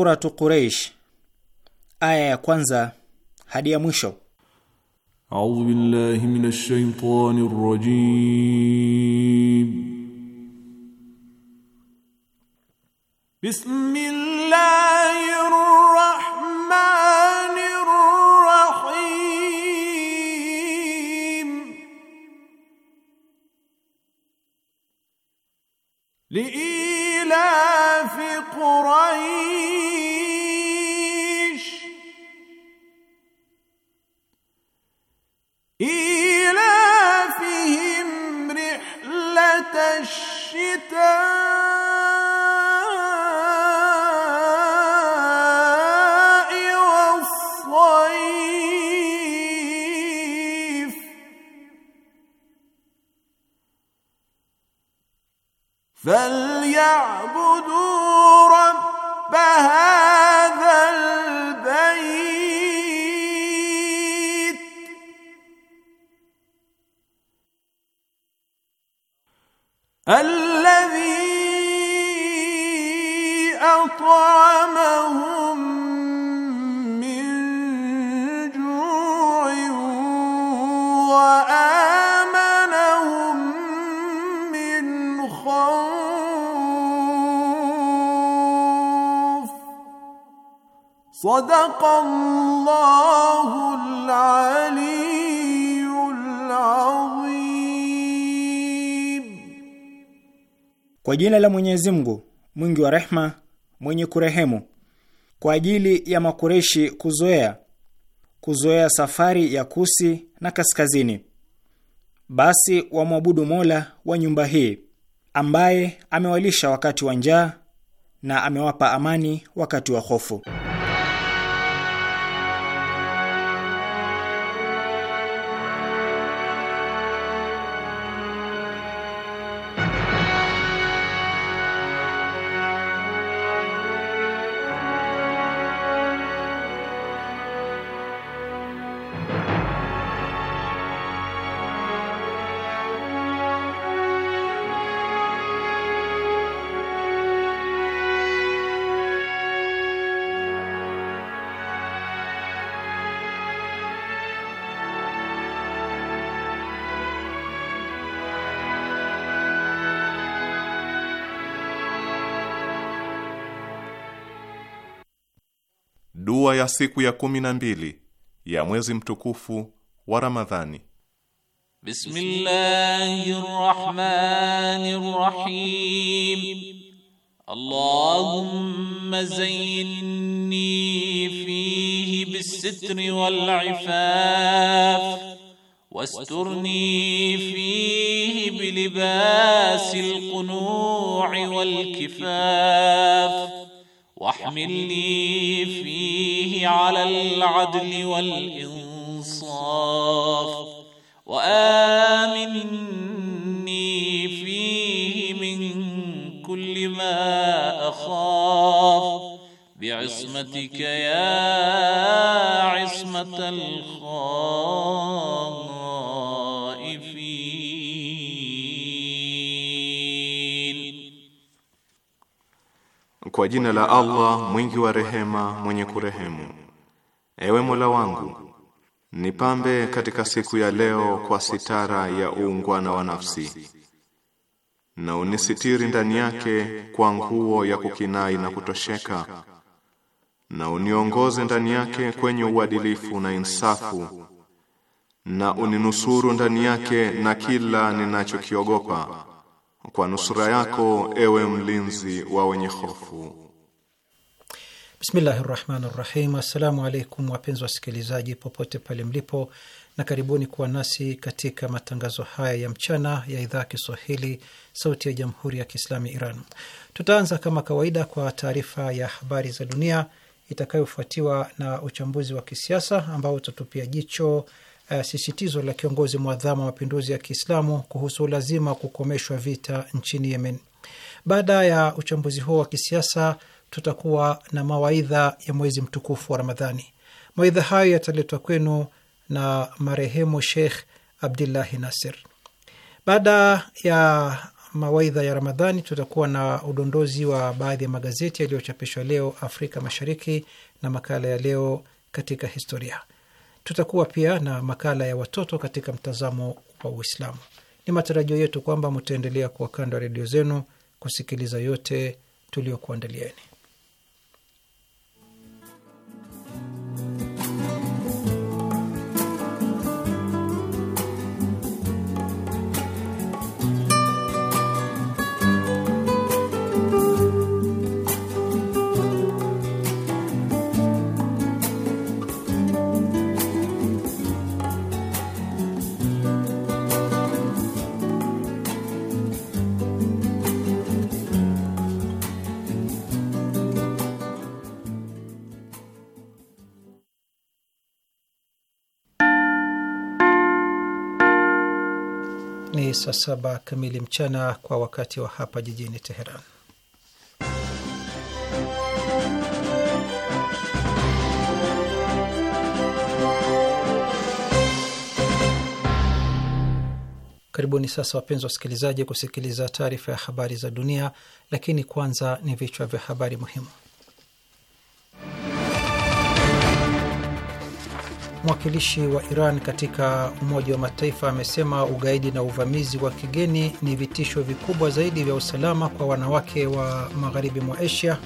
Suratu Quraish aya ya kwanza hadi ya mwisho. A'udhu billahi minash shaitani rrajim الشتاء والصيف فال Kwa jina la Mwenyezi Mungu mwingi wa rehma mwenye kurehemu. Kwa ajili ya Makureshi kuzoea kuzoea safari ya kusi na kaskazini, basi wamwabudu Mola wa nyumba hii, ambaye amewalisha wakati wa njaa na amewapa amani wakati wa hofu. dua ya siku ya kumi na mbili ya mwezi mtukufu wa Ramadhani. Bismillahirrahmanirrahim. Allahumma zayyinni fihi bis-sitri wal-'ifaf واسترني فيه بلباس القنوع والكفاف واحملني فيه على العدل والإنصاف وآمني فيه من كل ما أخاف بعصمتك يا عصمة الخاف Kwa jina la Allah mwingi wa rehema, mwenye kurehemu. Ewe Mola wangu, nipambe katika siku ya leo kwa sitara ya uungwana wa nafsi, na unisitiri ndani yake kwa nguo ya kukinai na kutosheka, na uniongoze ndani yake kwenye uadilifu na insafu, na uninusuru ndani yake na kila ninachokiogopa kwa nusura yako ewe mlinzi wa wenye hofu. Bismillahi rahmani rahim. Assalamu alaikum wapenzi wasikilizaji popote pale mlipo, na karibuni kuwa nasi katika matangazo haya ya mchana ya idhaa Kiswahili sauti ya jamhuri ya kiislami Iran. Tutaanza kama kawaida kwa taarifa ya habari za dunia itakayofuatiwa na uchambuzi wa kisiasa ambao utatupia jicho uh, sisitizo la kiongozi mwadhama wa mapinduzi ya Kiislamu kuhusu lazima kukomeshwa vita nchini Yemen. Baada ya uchambuzi huo wa kisiasa, tutakuwa na mawaidha ya mwezi mtukufu wa Ramadhani. Mawaidha hayo yataletwa kwenu na marehemu Sheikh Abdullahi Nasir. Baada ya mawaidha ya Ramadhani, tutakuwa na udondozi wa baadhi ya magazeti yaliyochapishwa leo Afrika Mashariki na makala ya leo katika historia. Tutakuwa pia na makala ya watoto katika mtazamo wa Uislamu. Ni matarajio yetu kwamba mtaendelea kuwa kando ya redio zenu kusikiliza yote tuliokuandalieni. saa saba kamili mchana kwa wakati wa hapa jijini Teheran. Karibuni sasa wapenzi wasikilizaji, kusikiliza taarifa ya habari za dunia, lakini kwanza ni vichwa vya habari muhimu. Mwakilishi wa Iran katika Umoja wa Mataifa amesema ugaidi na uvamizi wa kigeni ni vitisho vikubwa zaidi vya usalama kwa wanawake wa magharibi mwa Asia.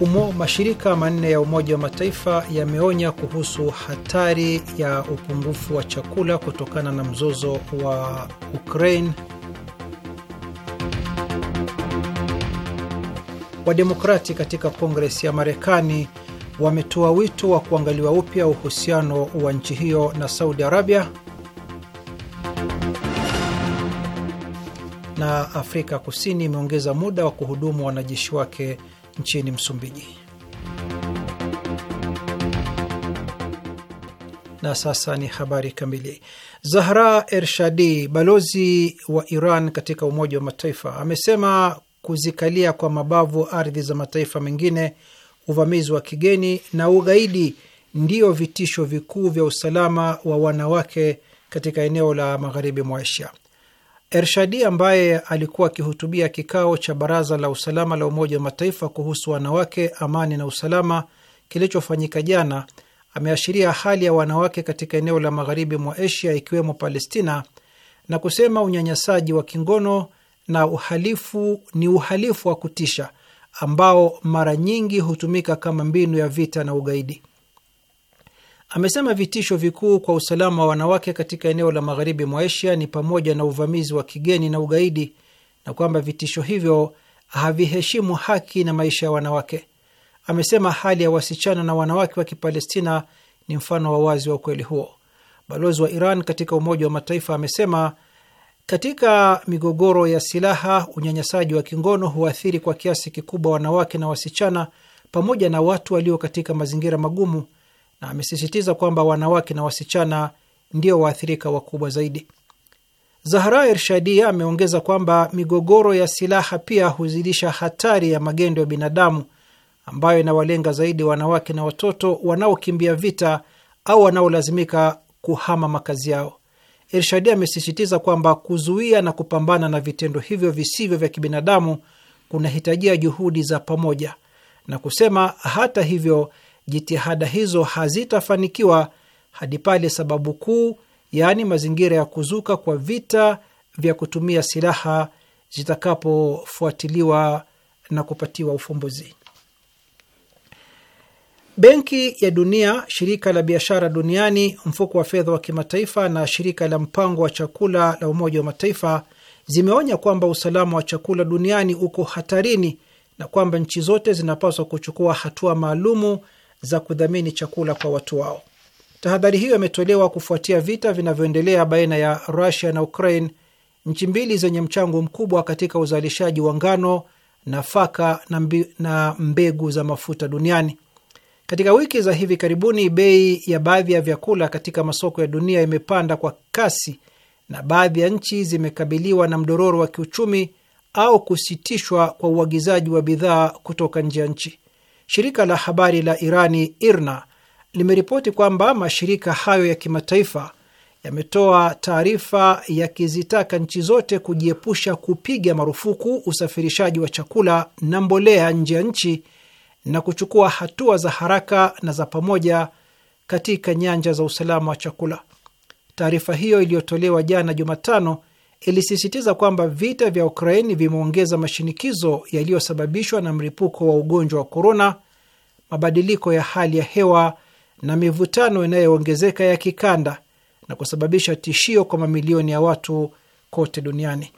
Umo, mashirika manne ya Umoja wa Mataifa yameonya kuhusu hatari ya upungufu wa chakula kutokana na mzozo wa Ukraine Wademokrati katika Kongres ya Marekani wametoa wito wa kuangaliwa upya uhusiano wa nchi hiyo na Saudi Arabia. Na Afrika Kusini imeongeza muda wa kuhudumu wanajeshi wake nchini Msumbiji. Na sasa ni habari kamili. Zahra Ershadi, balozi wa Iran katika Umoja wa Mataifa, amesema kuzikalia kwa mabavu ardhi za mataifa mengine, uvamizi wa kigeni na ugaidi ndiyo vitisho vikuu vya usalama wa wanawake katika eneo la magharibi mwa Asia. Ershadi ambaye alikuwa akihutubia kikao cha Baraza la Usalama la Umoja wa Mataifa kuhusu wanawake, amani na usalama kilichofanyika jana, ameashiria hali ya wanawake katika eneo la magharibi mwa Asia ikiwemo Palestina na kusema unyanyasaji wa kingono na uhalifu ni uhalifu wa kutisha ambao mara nyingi hutumika kama mbinu ya vita na ugaidi. Amesema vitisho vikuu kwa usalama wa wanawake katika eneo la magharibi mwa Asia ni pamoja na uvamizi wa kigeni na ugaidi, na kwamba vitisho hivyo haviheshimu haki na maisha ya wanawake. Amesema hali ya wasichana na wanawake wa Kipalestina ni mfano wa wazi wa ukweli huo. Balozi wa Iran katika Umoja wa Mataifa amesema katika migogoro ya silaha, unyanyasaji wa kingono huathiri kwa kiasi kikubwa wanawake na wasichana pamoja na watu walio katika mazingira magumu, na amesisitiza kwamba wanawake na wasichana ndio waathirika wakubwa zaidi. Zahra Irshadia ameongeza kwamba migogoro ya silaha pia huzidisha hatari ya magendo ya binadamu ambayo inawalenga zaidi wanawake na watoto wanaokimbia vita au wanaolazimika kuhama makazi yao. Elshadi amesisitiza kwamba kuzuia na kupambana na vitendo hivyo visivyo vya kibinadamu kunahitajia juhudi za pamoja, na kusema hata hivyo, jitihada hizo hazitafanikiwa hadi pale sababu kuu, yaani mazingira ya kuzuka kwa vita vya kutumia silaha zitakapofuatiliwa na kupatiwa ufumbuzi. Benki ya Dunia, shirika la biashara duniani, mfuko wa fedha wa kimataifa na shirika la mpango wa chakula la Umoja wa Mataifa zimeonya kwamba usalama wa chakula duniani uko hatarini na kwamba nchi zote zinapaswa kuchukua hatua maalumu za kudhamini chakula kwa watu wao. Tahadhari hiyo imetolewa kufuatia vita vinavyoendelea baina ya Rusia na Ukraine, nchi mbili zenye mchango mkubwa katika uzalishaji wa ngano, nafaka na, na mbegu za mafuta duniani. Katika wiki za hivi karibuni, bei ya baadhi ya vyakula katika masoko ya dunia imepanda kwa kasi na baadhi ya nchi zimekabiliwa na mdororo wa kiuchumi au kusitishwa kwa uagizaji wa bidhaa kutoka nje ya nchi. Shirika la habari la Irani IRNA limeripoti kwamba mashirika hayo ya kimataifa yametoa taarifa yakizitaka nchi zote kujiepusha kupiga marufuku usafirishaji wa chakula na mbolea nje ya nchi na kuchukua hatua za haraka na za pamoja katika nyanja za usalama wa chakula. Taarifa hiyo iliyotolewa jana Jumatano ilisisitiza kwamba vita vya Ukraini vimeongeza mashinikizo yaliyosababishwa na mlipuko wa ugonjwa wa korona, mabadiliko ya hali ya hewa na mivutano inayoongezeka ya kikanda na kusababisha tishio kwa mamilioni ya watu kote duniani.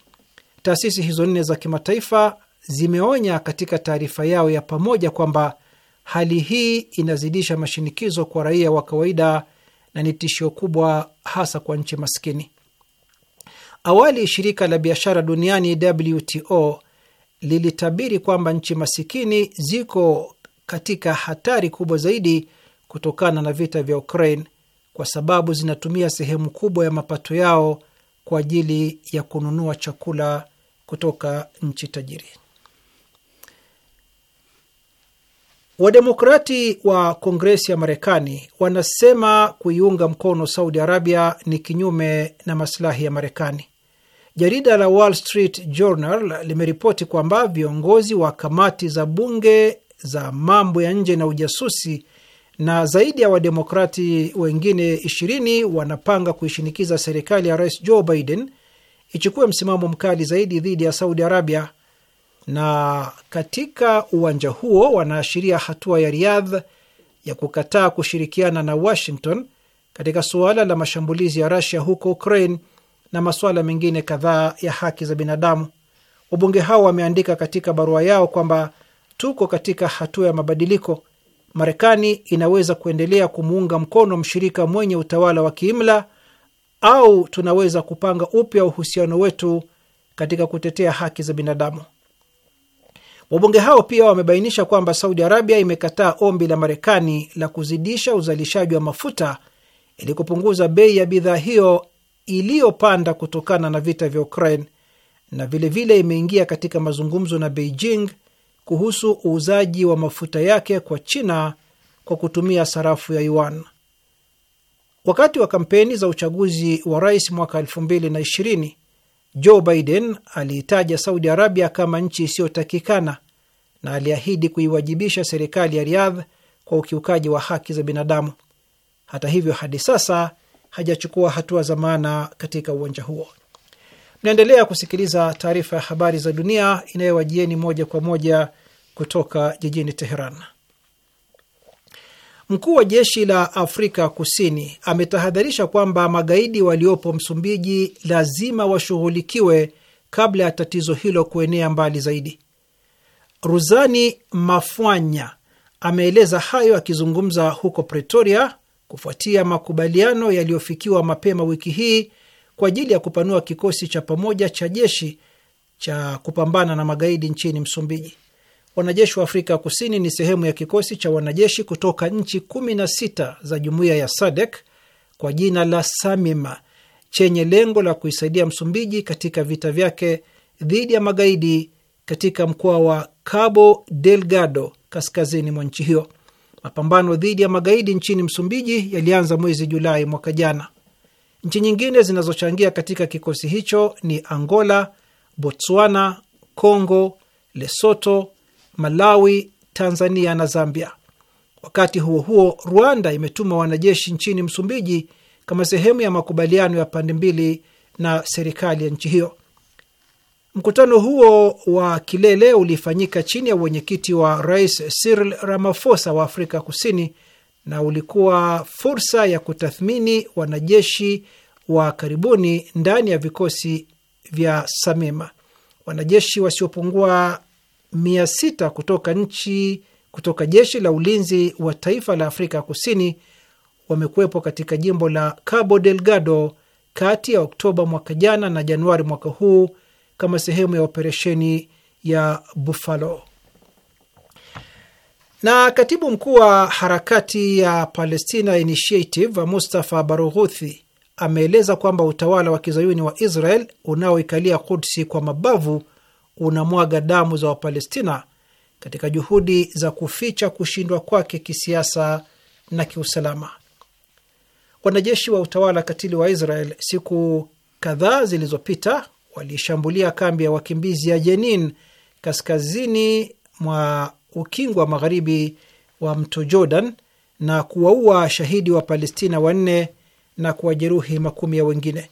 Taasisi hizo nne za kimataifa zimeonya katika taarifa yao ya pamoja kwamba hali hii inazidisha mashinikizo kwa raia wa kawaida na ni tishio kubwa hasa kwa nchi maskini. Awali shirika la biashara duniani WTO lilitabiri kwamba nchi masikini ziko katika hatari kubwa zaidi kutokana na vita vya Ukraine kwa sababu zinatumia sehemu kubwa ya mapato yao kwa ajili ya kununua chakula kutoka nchi tajiri. Wademokrati wa Kongresi ya Marekani wanasema kuiunga mkono Saudi Arabia ni kinyume na masilahi ya Marekani. Jarida la Wall Street Journal limeripoti kwamba viongozi wa kamati za bunge za mambo ya nje na ujasusi na zaidi ya wademokrati wengine 20 wanapanga kuishinikiza serikali ya Rais Joe Biden ichukue msimamo mkali zaidi dhidi ya Saudi Arabia na katika uwanja huo wanaashiria hatua ya Riyadh ya kukataa kushirikiana na Washington katika suala la mashambulizi ya rasia huko Ukraine na masuala mengine kadhaa ya haki za binadamu. Wabunge hao wameandika katika barua yao kwamba tuko katika hatua ya mabadiliko. Marekani inaweza kuendelea kumuunga mkono mshirika mwenye utawala wa kiimla au tunaweza kupanga upya uhusiano wetu katika kutetea haki za binadamu. Wabunge hao pia wamebainisha kwamba Saudi Arabia imekataa ombi la Marekani la kuzidisha uzalishaji wa mafuta ili kupunguza bei ya bidhaa hiyo iliyopanda kutokana na vita vya Ukraine, na vilevile imeingia katika mazungumzo na Beijing kuhusu uuzaji wa mafuta yake kwa China kwa kutumia sarafu ya yuan. Wakati wa kampeni za uchaguzi wa rais mwaka 2020 Joe Biden aliitaja Saudi Arabia kama nchi isiyotakikana na aliahidi kuiwajibisha serikali ya Riyadh kwa ukiukaji wa haki za binadamu. Hata hivyo, hadi sasa hajachukua hatua za maana katika uwanja huo. Mnaendelea kusikiliza taarifa ya habari za dunia inayowajieni moja kwa moja kutoka jijini Teheran. Mkuu wa jeshi la Afrika Kusini ametahadharisha kwamba magaidi waliopo Msumbiji lazima washughulikiwe kabla ya tatizo hilo kuenea mbali zaidi. Ruzani Mafwanya ameeleza hayo akizungumza huko Pretoria kufuatia makubaliano yaliyofikiwa mapema wiki hii kwa ajili ya kupanua kikosi cha pamoja cha jeshi cha kupambana na magaidi nchini Msumbiji. Wanajeshi wa Afrika Kusini ni sehemu ya kikosi cha wanajeshi kutoka nchi kumi na sita za jumuiya ya SADEK kwa jina la SAMIMA chenye lengo la kuisaidia Msumbiji katika vita vyake dhidi ya magaidi katika mkoa wa Cabo Delgado kaskazini mwa nchi hiyo. Mapambano dhidi ya magaidi nchini Msumbiji yalianza mwezi Julai mwaka jana. Nchi nyingine zinazochangia katika kikosi hicho ni Angola, Botswana, Congo, Lesoto, Malawi, Tanzania na Zambia. Wakati huo huo, Rwanda imetuma wanajeshi nchini Msumbiji kama sehemu ya makubaliano ya pande mbili na serikali ya nchi hiyo. Mkutano huo wa kilele ulifanyika chini ya uwenyekiti wa Rais Cyril Ramaphosa wa Afrika Kusini na ulikuwa fursa ya kutathmini wanajeshi wa karibuni ndani ya vikosi vya Samima. Wanajeshi wasiopungua mia sita kutoka nchi kutoka jeshi la ulinzi wa taifa la Afrika Kusini wamekuwepo katika jimbo la Cabo Delgado kati ya Oktoba mwaka jana na Januari mwaka huu kama sehemu ya operesheni ya Buffalo. Na katibu mkuu wa harakati ya Palestina Initiative Mustafa Barughuthi ameeleza kwamba utawala wa kizayuni wa Israel unaoikalia Kudsi kwa mabavu unamwaga damu za Wapalestina katika juhudi za kuficha kushindwa kwake kisiasa na kiusalama. Wanajeshi wa utawala katili wa Israel siku kadhaa zilizopita walishambulia kambi ya wakimbizi ya Jenin kaskazini mwa ukingo wa magharibi wa mto Jordan na kuwaua shahidi wa Palestina wanne na kuwajeruhi makumi ya wengine.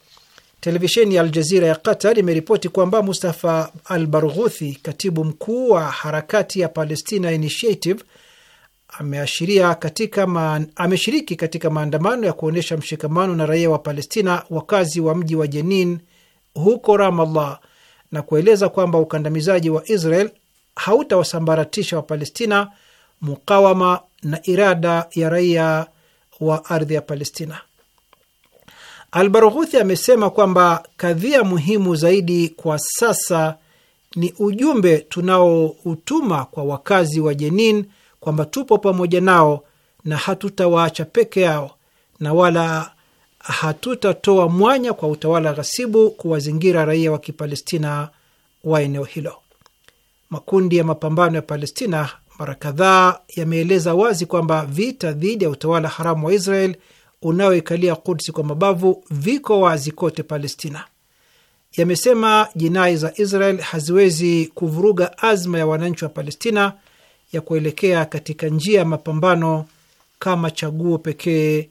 Televisheni ya Aljazira ya Qatar imeripoti kwamba Mustafa Al Barghuthi, katibu mkuu wa harakati ya Palestina Initiative, ameashiria katika man, ameshiriki katika maandamano ya kuonyesha mshikamano na raia wa Palestina wakazi wa mji wa Jenin huko Ramallah na kueleza kwamba ukandamizaji wa Israel hautawasambaratisha Wapalestina, mukawama na irada ya raia wa ardhi ya Palestina. Albarughuthi amesema kwamba kadhia muhimu zaidi kwa sasa ni ujumbe tunaoutuma kwa wakazi wa Jenin kwamba tupo pamoja nao na hatutawaacha peke yao na wala hatutatoa mwanya kwa utawala ghasibu kuwazingira raia wa Kipalestina wa eneo hilo. Makundi ya mapambano ya Palestina mara kadhaa yameeleza wazi kwamba vita dhidi ya utawala haramu wa Israel unaoikalia Kudsi kwa mabavu viko wazi kote Palestina. Yamesema jinai za Israel haziwezi kuvuruga azma ya wananchi wa Palestina ya kuelekea katika njia ya mapambano kama chaguo pekee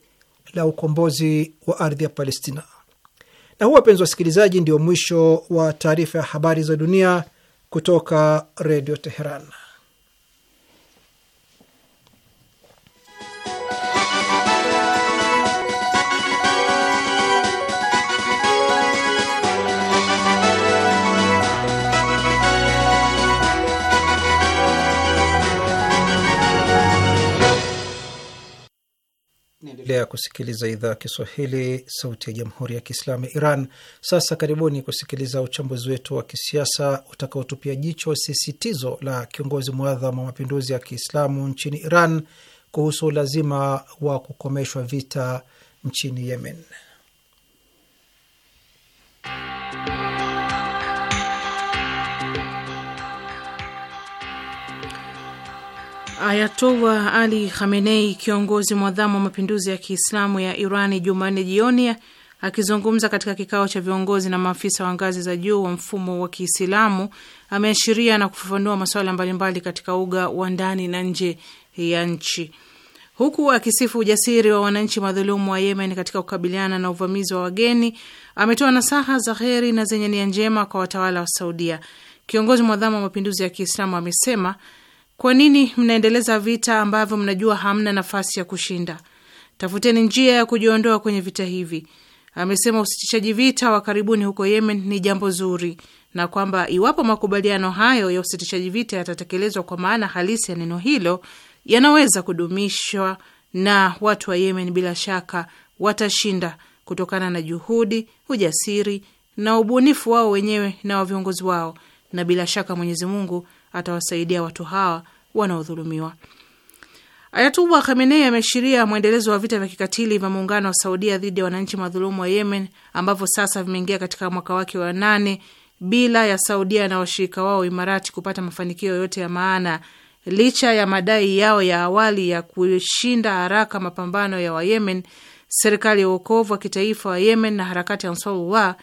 la ukombozi wa ardhi ya Palestina. Na huu, wapenzi wasikilizaji, ndio mwisho wa taarifa ya habari za dunia kutoka Redio Teheran. Endelea kusikiliza idhaa ya Kiswahili, sauti ya jamhuri ya kiislamu ya Iran. Sasa karibuni kusikiliza uchambuzi wetu wa kisiasa utakaotupia jicho sisitizo la kiongozi mwadhamu wa mapinduzi ya kiislamu nchini Iran kuhusu ulazima wa kukomeshwa vita nchini Yemen. Ayatowa Ali Khamenei, kiongozi mwadhamu wa mapinduzi ya Kiislamu ya Irani, Jumanne jioni akizungumza katika kikao cha viongozi na maafisa wa ngazi za juu wa mfumo wa Kiislamu ameashiria na kufafanua masuala mbalimbali katika uga wa ndani na nje ya nchi, huku akisifu ujasiri wa wananchi madhulumu wa Yemen katika kukabiliana na uvamizi wa wageni. Ametoa nasaha za heri na zenye nia njema kwa watawala wa Saudia. Kiongozi mwadhamu wa mapinduzi ya Kiislamu amesema kwa nini mnaendeleza vita ambavyo mnajua hamna nafasi ya kushinda? Tafuteni njia ya kujiondoa kwenye vita hivi. Amesema usitishaji vita wa karibuni huko Yemen ni jambo zuri na kwamba iwapo makubaliano hayo ya usitishaji vita yatatekelezwa kwa maana halisi ya neno hilo, yanaweza kudumishwa na watu wa Yemen, bila shaka watashinda kutokana na juhudi, ujasiri na ubunifu wao wenyewe na wa viongozi wao, na bila shaka Mwenyezi Mungu atawasaidia watu hawa wanaodhulumiwa. Ayatullah Khamenei ameashiria mwendelezo wa vita vya kikatili vya muungano wa Saudia dhidi ya wananchi madhulumu wa Yemen ambavyo sasa vimeingia katika mwaka wake wa nane bila ya Saudia na washirika wao Imarati kupata mafanikio yoyote ya maana licha ya madai yao ya awali ya kushinda haraka mapambano ya Wayemen. Serikali ya uokovu wa kitaifa wa Yemen na harakati ya Ansarullah,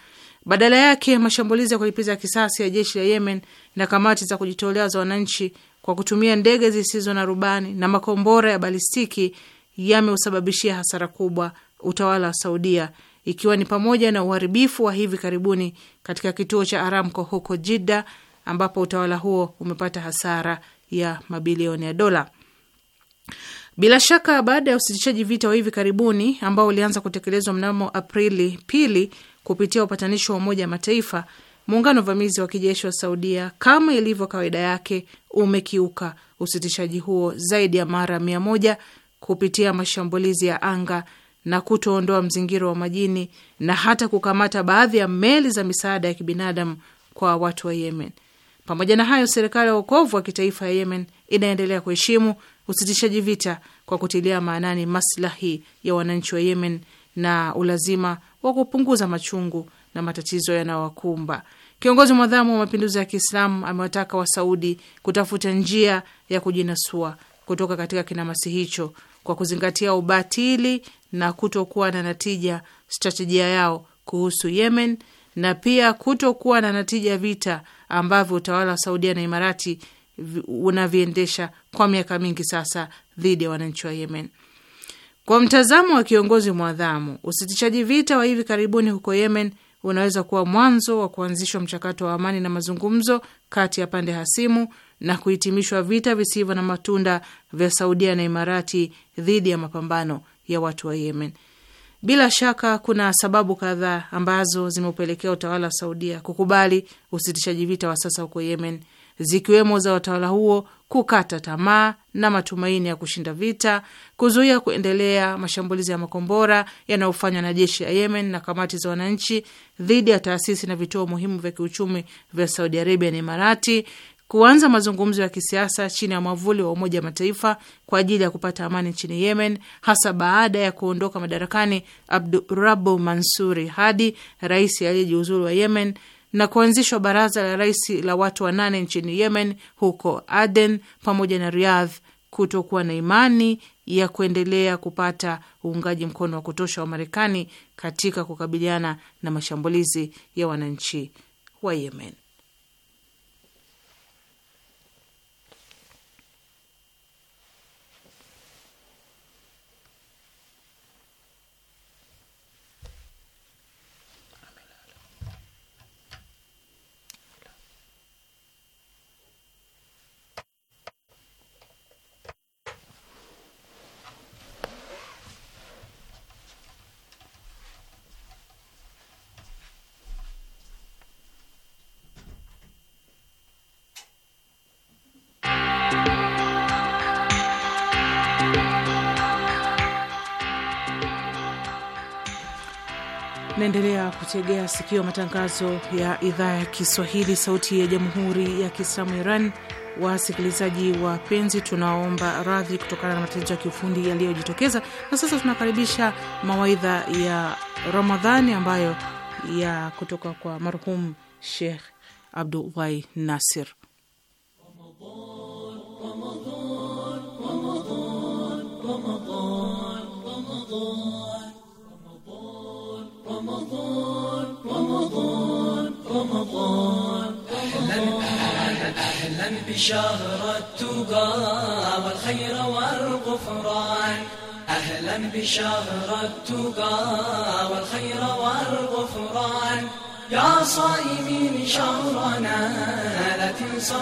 badala yake mashambulizi ya kulipiza kisasi ya jeshi la Yemen na kamati za kujitolea za wananchi kwa kutumia ndege zisizo na rubani na makombora ya balistiki yameusababishia hasara kubwa utawala wa Saudia, ikiwa ni pamoja na uharibifu wa hivi karibuni katika kituo cha Aramco huko Jidda, ambapo utawala huo umepata hasara ya mabilioni ya dola. Bila shaka, baada ya usitishaji vita wa hivi karibuni ambao ulianza kutekelezwa mnamo Aprili pili kupitia upatanishi wa Umoja wa Mataifa, muungano vamizi wa kijeshi wa Saudia kama ilivyo kawaida yake umekiuka usitishaji huo zaidi ya mara mia moja kupitia mashambulizi ya anga na kutoondoa mzingiro wa majini na hata kukamata baadhi ya meli za misaada ya kibinadamu kwa watu wa Yemen. Pamoja na hayo, serikali ya uokovu wa kitaifa ya Yemen inaendelea kuheshimu usitishaji vita kwa kutilia maanani maslahi ya wananchi wa Yemen na ulazima wa kupunguza machungu na matatizo yanayowakumba Kiongozi mwadhamu wa mapinduzi ya Kiislamu amewataka Wasaudi kutafuta njia ya kujinasua kutoka katika kinamasi hicho kwa kuzingatia ubatili na kutokuwa na natija stratejia yao kuhusu Yemen na pia kutokuwa na natija vita ambavyo utawala wa Saudia na Imarati unaviendesha kwa miaka mingi sasa dhidi ya wananchi wa Yemen. Kwa mtazamo wa kiongozi mwadhamu, usitishaji vita wa hivi karibuni huko Yemen unaweza kuwa mwanzo wa kuanzishwa mchakato wa amani na mazungumzo kati ya pande hasimu na kuhitimishwa vita visivyo na matunda vya Saudia na Imarati dhidi ya mapambano ya watu wa Yemen. Bila shaka kuna sababu kadhaa ambazo zimeupelekea utawala wa Saudia kukubali usitishaji vita wa sasa huko Yemen, zikiwemo za utawala huo kukata tamaa na matumaini ya kushinda vita, kuzuia kuendelea mashambulizi ya makombora yanayofanywa na jeshi ya Yemen na kamati za wananchi dhidi ya taasisi na vituo muhimu vya kiuchumi vya Saudi Arabia na Imarati, kuanza mazungumzo ya kisiasa chini ya mwavuli wa Umoja wa Mataifa kwa ajili ya kupata amani nchini Yemen, hasa baada ya kuondoka madarakani Abdurabu Mansuri Hadi, rais aliyejiuzulu wa Yemen na kuanzishwa baraza la rais la watu wanane nchini Yemen, huko Aden, pamoja na Riyadh kutokuwa na imani ya kuendelea kupata uungaji mkono wa kutosha wa Marekani katika kukabiliana na mashambulizi ya wananchi wa Yemen. Mnaendelea kutegea sikio matangazo ya idhaa ya Kiswahili, sauti ya jamhuri ya kiislamu Iran. Wasikilizaji wapenzi, tunaomba radhi kutokana na matatizo ya kiufundi yaliyojitokeza, na sasa tunakaribisha mawaidha ya Ramadhani ambayo ya kutoka kwa marhum Sheikh Abdullahi Nasir. Ramadan, Ramadan, Ramadan, Ramadan. القلب شهر التقى والخير والغفران أهلا بشهر التقى والخير والغفران يا صائمين شهرنا لا تنسى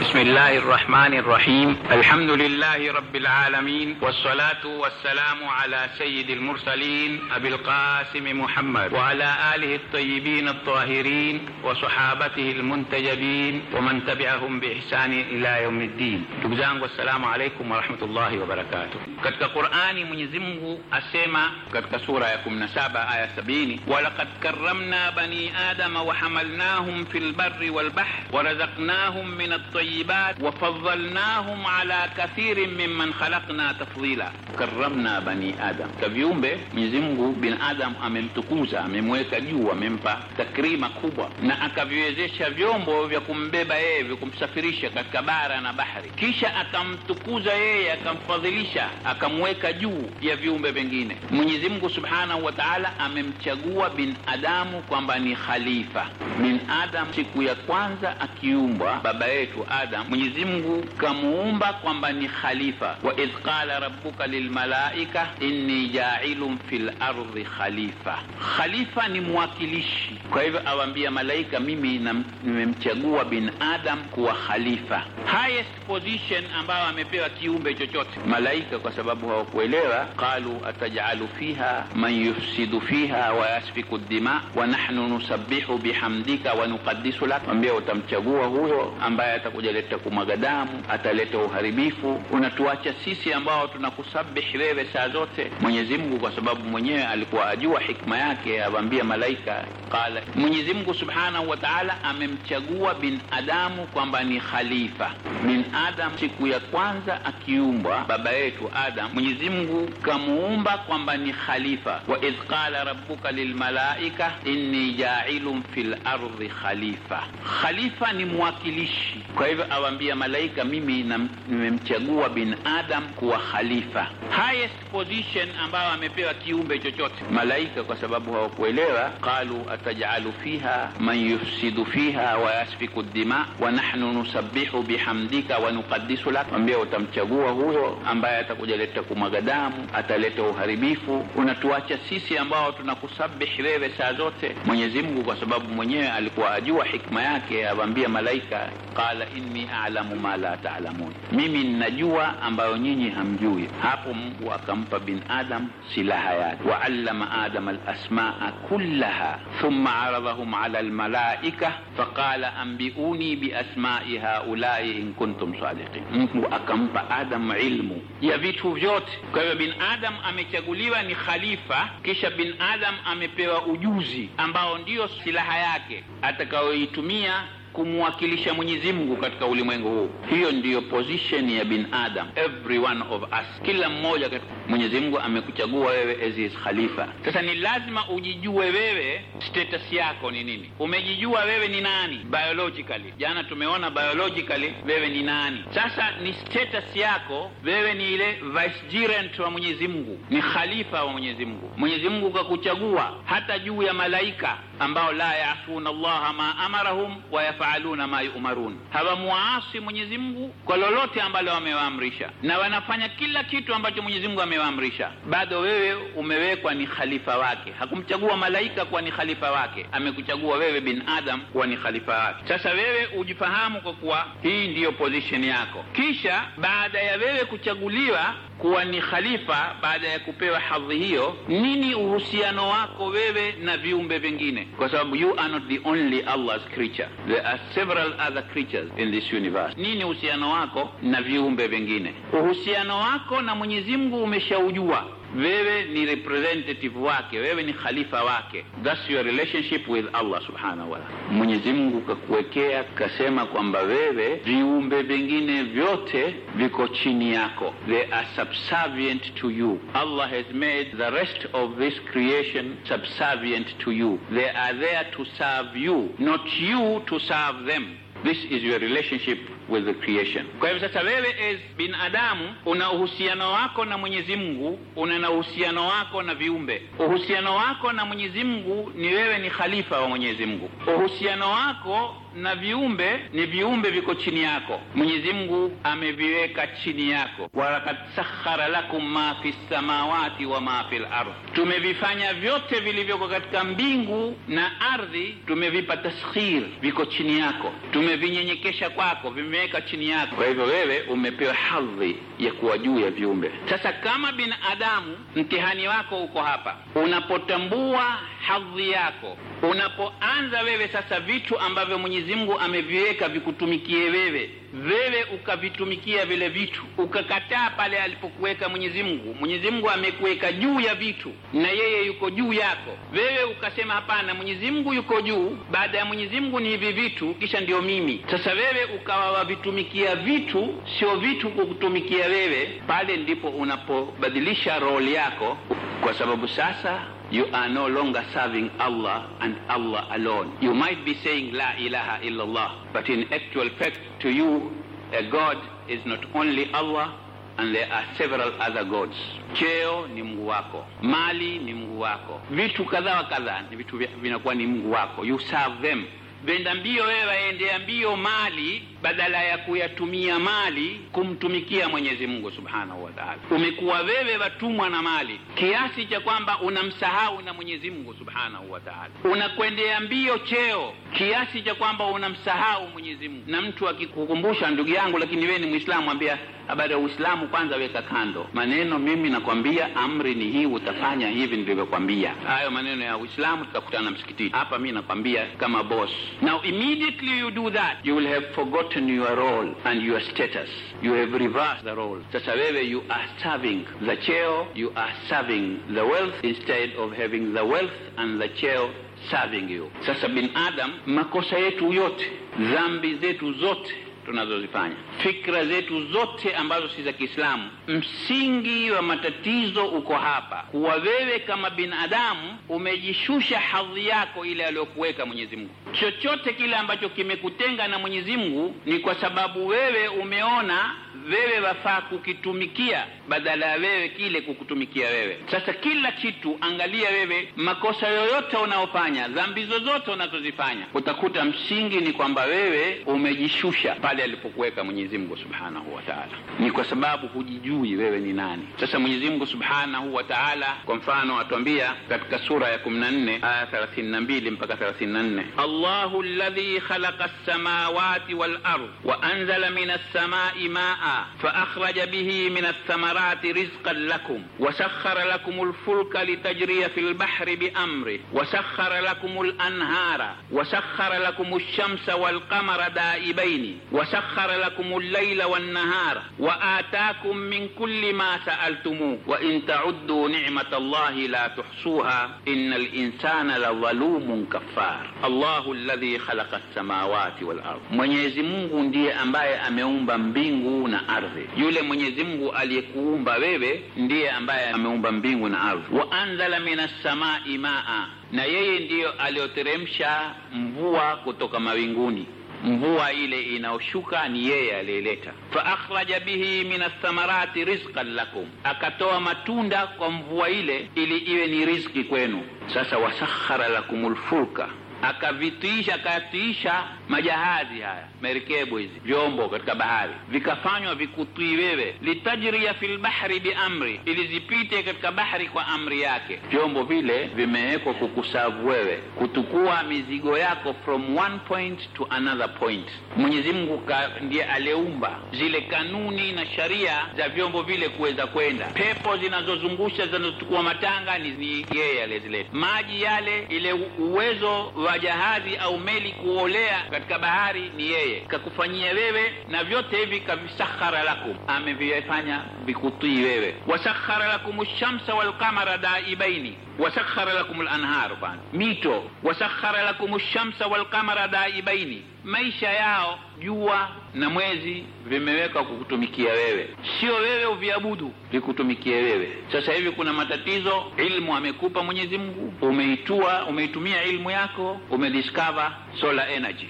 بسم الله الرحمن الرحيم الحمد لله رب العالمين والصلاة والسلام على سيد المرسلين أبي القاسم محمد وعلى آله الطيبين الطاهرين وصحابته المنتجبين ومن تبعهم بإحسان إلى يوم الدين تبزان والسلام عليكم ورحمة الله وبركاته كتك قرآن من يزمه السيمة كتك سورة يكم نسابة آية سبيني ولقد كرمنا بني آدم وحملناهم في البر والبحر ورزقناهم من الطيبات وفضلناهم على كثير ممن خلقنا تفضيلا كرمنا بني آدم كبيوم به يزمغو بن آدم أمم تكوزا أمم ويكاليو أمم تكريم كوبا نا أكبيوزيشا بيومبو يكم بيبا إيه يكم سفريشا كتكبارا نبحري كيشا أكم تكوزا إيه أكم فضليشا أكم ويكاليو يا بيومبو بنجيني من سبحانه وتعالى أمم تشاقوا بن آدم وكم بني خلق. khalifa min Adam. Siku ya kwanza akiumbwa baba yetu Adam, Mwenyezi Mungu kamuumba kwamba ni khalifa. Wa idh qala rabbuka lilmalaika inni jailun fi lardhi khalifa. Khalifa ni mwakilishi, kwa hivyo awaambia malaika, mimi nimemchagua bin Adam kuwa khalifa, highest position ambayo amepewa kiumbe chochote. Malaika kwa sababu hawakuelewa, qalu atajalu fiha man yufsidu fiha wa yasfiku dima wa nahnu nusabihu bihamdika wa nuqaddisu lak, ambia utamchagua huyo ambaye atakuja leta kumwaga damu, ataleta uharibifu. Unatuacha sisi ambao tunakusabih wewe saa zote, Mwenyezi Mungu, kwa sababu mwenyewe alikuwa ajua hikma yake. Awambia malaika qala, Mwenyezi Mungu subhanahu wa taala amemchagua bin adamu kwamba ni khalifa bin adam. Siku ya kwanza akiumbwa baba yetu Adam, Mwenyezi Mungu kamuumba kwamba ni khalifa. Wa idh qala rabbuka lilmalaika inni ja jailun fil ardhi khalifa, khalifa ni mwakilishi. Kwa hivyo awaambia malaika, mimi nimemchagua bin adam kuwa khalifa, highest position ambayo amepewa kiumbe chochote. Malaika kwa sababu hawakuelewa, qalu atajalu fiha man yufsidu fiha wa yasfiku dima wa nahnu nusabbihu bihamdika wa nuqaddisu lak, ambia utamchagua huyo ambaye atakujaleta kumwaga damu, ataleta uharibifu, unatuacha sisi ambao tunakusabih wewe saa zote Mwenyezi Mungu kwa sababu mwenyewe alikuwa ajua hikma yake, awaambia malaika, qala inni a'lamu ma la ta'lamun, mimi ninajua ambayo nyinyi hamjui. Hapo Mungu akampa bin Adam silaha yake, wa allama adama alasmaa kullaha thumma aradhahum ala almalaika faqala ambiuni biasmai haulai in kuntum sadiqin. Mungu akampa Adam ilmu ya vitu vyote. Kwa hivyo bin Adam amechaguliwa ni khalifa, kisha bin Adam amepewa ujuzi ambao ndio ndiyo silaha yake atakayoitumia kumwakilisha Mwenyezi Mungu katika ulimwengu huu. Hiyo ndiyo position ya bin adam, every one of us, kila mmoja katika. Mwenyezi Mungu amekuchagua wewe as his khalifa. Sasa ni lazima ujijue wewe status yako ni nini, umejijua wewe ni nani biologically. Jana tumeona biologically wewe ni nani, sasa ni status yako wewe, ni ile vicegerent wa Mwenyezi Mungu, ni khalifa wa Mwenyezi Mungu. Mwenyezi Mungu kakuchagua hata juu ya malaika ambao la yaafuna llaha ma amarahum wa yafaluna ma yumarun, hawamuasi Mwenyezi Mungu kwa lolote ambalo wamewaamrisha, na wanafanya kila kitu ambacho Mwenyezi Mungu amewaamrisha. Bado wewe umewekwa ni khalifa wake, hakumchagua malaika kuwa ni khalifa wake, amekuchagua wewe bin adam kuwa ni khalifa wake. Sasa wewe ujifahamu kwa kuwa hii ndiyo position yako, kisha baada ya wewe kuchaguliwa kuwa ni khalifa baada ya kupewa hadhi hiyo, nini uhusiano wako wewe na viumbe vingine? Kwa sababu you are not the only Allah's creature, there are several other creatures in this universe. Nini uhusiano wako na viumbe vingine? Uhusiano wako na Mwenyezi Mungu umeshaujua wewe ni representative wake, wewe ni khalifa wake. That's your relationship with Allah subhanahu wa ta'ala. Mwenyezi Mungu kakuwekea, kasema kwamba wewe, viumbe vingine vyote viko chini yako, they are subservient to you. Allah has made the rest of this creation subservient to you. They are there to serve you, not you to serve them. This is your relationship with the creation. Kwa hivyo sasa, wewe as eh, binadamu una uhusiano wako na Mwenyezi Mungu, una na uhusiano wako na viumbe. Uhusiano wako na Mwenyezi Mungu ni wewe ni khalifa wa Mwenyezi Mungu. Uhusiano wako na viumbe ni viumbe viko chini yako, Mwenyezi Mungu ameviweka chini yako. walakad sakhara lakum ma fi samawati wa ma fi lardhi, tumevifanya vyote vilivyoko katika mbingu na ardhi, tumevipa taskhir, viko chini yako, tumevinyenyekesha kwako, vimeweka chini yako. Kwa hivyo wewe umepewa hadhi ya kuwa juu ya viumbe. Sasa kama binadamu, mtihani wako uko hapa, unapotambua hadhi yako unapoanza wewe sasa, vitu ambavyo Mwenyezi Mungu ameviweka vikutumikie wewe, wewe ukavitumikia vile vitu, ukakataa pale alipokuweka Mwenyezi Mungu. Mwenyezi Mungu amekuweka juu ya vitu na yeye yuko juu yako, wewe ukasema hapana, Mwenyezi Mungu yuko juu, baada ya Mwenyezi Mungu ni hivi vitu, kisha ndio mimi. Sasa wewe ukawa wavitumikia vitu, sio vitu kukutumikia wewe, pale ndipo unapobadilisha roli yako, kwa sababu sasa you are no longer serving Allah and Allah alone. You might be saying La ilaha illallah, but in actual fact, to you, a God is not only Allah, and there are several other gods. Cheo ni mungu wako, mali ni mungu wako, vitu kadha wa kadha ni vitu vinakuwa ni mungu wako. You serve them. Venda mbio wewe, endea mbio mali badala ya kuyatumia mali kumtumikia Mwenyezi Mungu subhanahu wa taala. Umekuwa wewe watumwa na mali kiasi cha kwamba unamsahau na Mwenyezi Mungu subhanahu wa taala, unakwendea mbio cheo kiasi cha kwamba unamsahau Mwenyezi Mungu. Na mtu akikukumbusha, ndugu yangu, lakini wewe ni Mwislamu, ambia habari ya Uislamu kwanza, weka kando maneno. Mimi nakwambia amri ni hii, utafanya hivi nilivyokwambia. Hayo maneno ya Uislamu tutakutana msikitini hapa, mimi nakwambia kama boss. Now immediately you do that you will have forgotten forgotten your role and your status. You have reversed the role. way you are serving the chair, you are serving the wealth instead of having the wealth and the chair serving you. Sasa Adam, makosa yetu yote, dhambi zetu zote tunazozifanya, fikra zetu zote ambazo si za Kiislamu, msingi wa matatizo uko hapa, kuwa wewe kama binadamu umejishusha hadhi yako ile aliyokuweka Mwenyezi Mungu. Chochote kile ambacho kimekutenga na Mwenyezi Mungu ni kwa sababu wewe umeona wewe wafaa kukitumikia badala ya wewe kile kukutumikia wewe. Sasa kila kitu angalia wewe, makosa yoyote unaofanya, dhambi zozote unazozifanya, utakuta msingi ni kwamba wewe umejishusha pale alipokuweka Mwenyezi Mungu Subhanahu wa Ta'ala, ni kwa sababu hujijui wewe ni nani. Sasa Mwenyezi Mungu Subhanahu wa Ta'ala kwa mfano atuambia katika sura ya 14 aya 32 mpaka 34, Allahu alladhi khalaqa as-samawati wal ardh wa anzala minas samai maa فأخرج به من الثمرات رزقا لكم وسخر لكم الفلك لتجري في البحر بأمره وسخر لكم الأنهار وسخر لكم الشمس والقمر دائبين وسخر لكم الليل والنهار وآتاكم من كل ما سألتموه وإن تعدوا نعمة الله لا تحصوها إن الإنسان لظلوم كفار الله الذي خلق السماوات والأرض من يزمون دي ambaye ameumba mbingu ardhi. Yule Mwenyezi Mungu aliyekuumba wewe ndiye ambaye ameumba mbingu na ardhi. wa anzala minas samai maa, na yeye ndiyo aliyoteremsha mvua kutoka mawinguni mvua ile inayoshuka ni yeye aliyeleta. fa akhraja bihi min athamarati rizqan lakum, akatoa matunda kwa mvua ile ili iwe ni riziki kwenu. Sasa wasakhara lakum lfulka, akavitiisha akatiisha majahazi haya merikebu hizi vyombo katika bahari vikafanywa vikutii wewe, litajria fil bahri bi amri, ili zipite katika bahari kwa amri yake. Vyombo vile vimewekwa kukusavu wewe, kutukua mizigo yako from one point to another point. Mwenyezi Mungu ndiye aliyeumba zile kanuni na sharia za vyombo vile kuweza kwenda. Pepo zinazozungusha zinazotukua matanga ni yeye aliyezileta. Maji yale, ile uwezo wa jahazi au meli kuolea katika bahari ni yeye yeye, kakufanyia wewe, na vyote hivi kavisakhara lakum, amevifanya vikutii wewe. Wasakhara lakum shamsa walqamara daibaini wasakhara lakum lanhar, pana mito. Wasakhara lakum shamsa walqamara daibaini, maisha yao jua na mwezi vimewekwa kukutumikia wewe, sio wewe uviabudu, vikutumikie wewe. Sasa hivi kuna matatizo, ilmu amekupa Mwenyezi Mungu, umeitua umeitumia ilmu yako, umediscover solar energy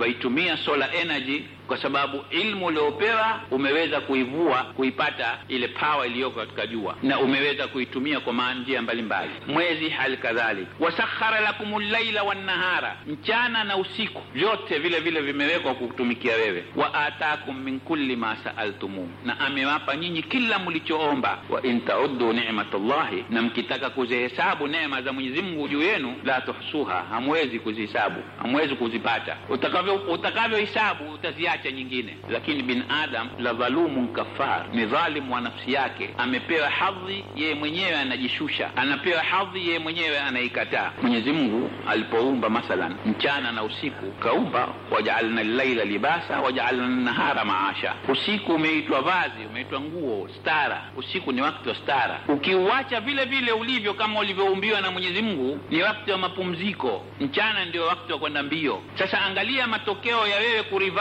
waitumia solar energy kwa sababu ilmu uliopewa umeweza kuivua kuipata ile pawa iliyoko katika jua na umeweza kuitumia kwa manjia mbalimbali. Mwezi hali kadhalika, wasakhara lakum llaila wannahara, mchana na usiku vyote vile vile vimewekwa kukutumikia wewe. Wa atakum min kulli ma saaltumu, na amewapa nyinyi kila mlichoomba. Wa in tauddu nimatallahi, na mkitaka kuzihesabu neema za Mwenyezi Mungu juu yenu la tuhsuha, hamwezi kuzihesabu, hamwezi kuzipata. Utakavyohesabu utazia ameacha nyingine. Lakini adam la dhalumun kafar, ni dhalimu wa nafsi yake. Amepewa hadhi yeye mwenyewe anajishusha, anapewa hadhi yeye mwenyewe anaikataa. Mwenyezi Mungu alipoumba mathalan mchana na usiku, kaumba wajaalna llaila libasa wajaalna nahara maasha. Usiku umeitwa vazi, umeitwa nguo, stara. Usiku ni wakati wa stara, ukiuacha vile vile ulivyo kama ulivyoumbiwa na Mwenyezi Mungu, ni wakati wa mapumziko. Mchana ndio wakati wa kwenda mbio. Sasa angalia matokeo ya wewe kurivasi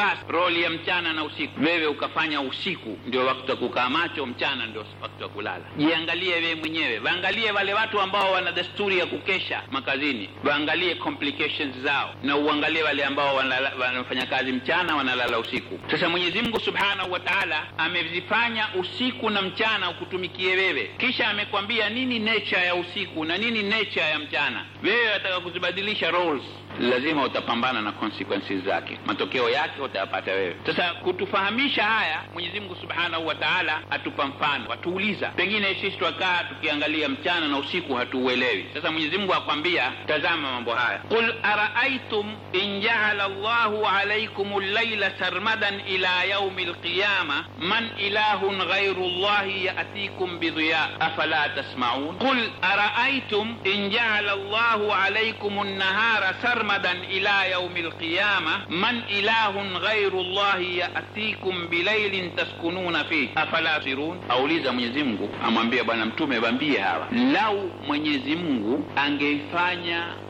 ulia mchana na usiku, wewe ukafanya usiku ndio wakati wa kukaa macho, mchana ndio wakati wa kulala. Jiangalie wewe mwenyewe, waangalie wale watu ambao wana desturi ya kukesha makazini, waangalie complications zao, na uangalie wale ambao wanafanya kazi mchana wanalala usiku. Sasa Mwenyezi Mungu Subhanahu wa Ta'ala amezifanya usiku na mchana ukutumikie wewe, kisha amekwambia nini nature ya usiku na nini nature ya mchana. Wewe wataka kuzibadilisha roles lazima utapambana na konsekwensi zake, matokeo yake utayapata wewe. Sasa kutufahamisha haya, Mwenyezi Mungu Subhanahu wa Ta'ala atupa mfano, watuuliza pengine sisi twakaa tukiangalia mchana na usiku hatuuelewi. Sasa Mwenyezi Mungu akwambia, tazama mambo haya, qul araaitum in jaala llahu alaykum llaila sarmadan ila yaumi lqiyama man ilahun ghairu llahi ya'tikum bidhiya afala tasma'un qul araaitum in jaala llahu alaikum nahara sarmadan محمدا إلى يوم القيامة من إله غير الله يأتيكم بليل تسكنون فيه أفلا سرون أوليزا من يزمغو أمان بيا بنام تومي بنام بيا لو من يزمغو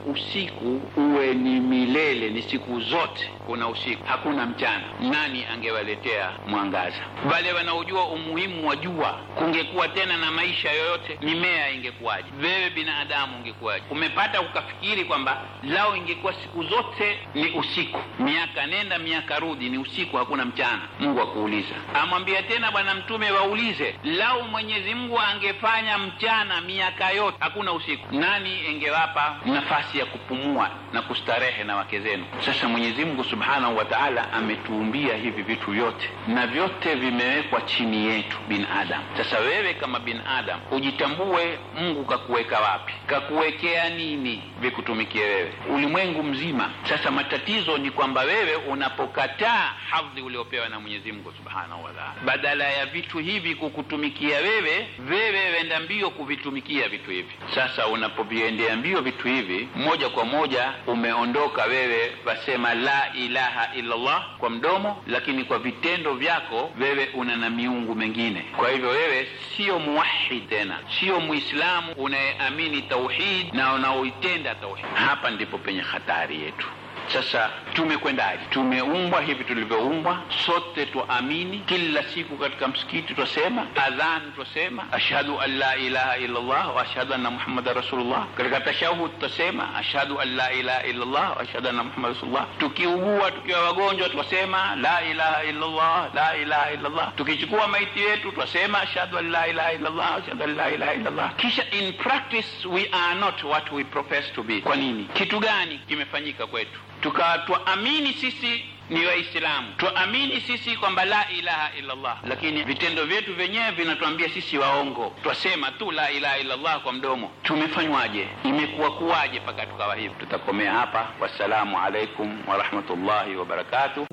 usiku uwe ni milele, ni siku zote kuna usiku, hakuna mchana. Nani angewaletea mwangaza wale wanaojua umuhimu wa jua? Kungekuwa tena na maisha yoyote? Mimea ingekuwaje? Wewe binadamu ungekuwaje? Umepata ukafikiri kwamba lao ingekuwa siku zote ni usiku, miaka nenda miaka rudi, ni usiku, hakuna mchana. Mungu akuuliza, amwambia tena Bwana Mtume waulize, lao Mwenyezi Mungu angefanya mchana miaka yote, hakuna usiku, nani ingewapa nafasi nafasi ya kupumua na kustarehe na wake zenu. Sasa Mwenyezi Mungu Subhanahu wa Ta'ala ametuumbia hivi vitu vyote na vyote vimewekwa chini yetu binadamu. Sasa wewe kama binadamu ujitambue, Mungu kakuweka wapi? Kakuwekea nini vikutumikie wewe ulimwengu mzima? Sasa matatizo ni kwamba wewe unapokataa hadhi uliopewa na Mwenyezi Mungu Subhanahu wa Ta'ala, badala ya vitu hivi kukutumikia wewe, wewe wenda mbio kuvitumikia vitu hivi. Sasa unapoviendea mbio vitu hivi moja kwa moja umeondoka wewe, wasema la ilaha illallah kwa mdomo, lakini kwa vitendo vyako wewe una na miungu mengine. Kwa hivyo wewe sio muwahid tena, sio Muislamu unayeamini tauhid na unaoitenda tauhid. Hapa ndipo penye hatari yetu. Sasa tumekwendaje? Tumeumbwa hivi tulivyoumbwa, sote tuamini kila siku katika msikiti twasema adhan, twasema ashhadu an la ilaha illa Allah wa ashhadu anna muhammadan rasulullah. Katika tashahud twasema ashhadu an la ilaha illa Allah wa ashhadu anna muhammadan rasulullah. Tukiugua, tukiwa wagonjwa twasema la ilaha illa Allah, la ilaha illa Allah. Tukichukua maiti yetu twasema ashhadu an la ilaha illa Allah, ashhadu an la ilaha illa Allah. Kisha in practice we are not what we profess to be. Kwa nini? Kitu gani kimefanyika kwetu? tukawa twaamini sisi ni Waislamu, twaamini sisi kwamba la ilaha illallah, lakini vitendo vyetu vyenyewe vinatuambia sisi waongo. Twasema tu la ilaha illallah kwa mdomo. Tumefanywaje? Imekuwa kuwaje mpaka tukawa hivi? Tutakomea hapa. Wassalamu alaikum warahmatullahi wabarakatuh.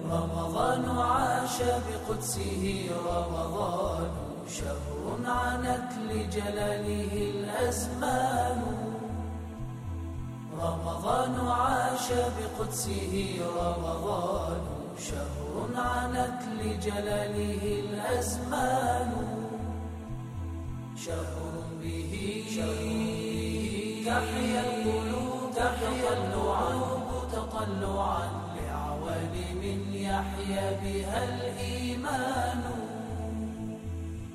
رمضان عاش بقدسه رمضان شهر عنت لجلاله الأزمان شهر به تحيا القلوب تحيا النعوب تطلعا لعوالم يحيا بها الإيمان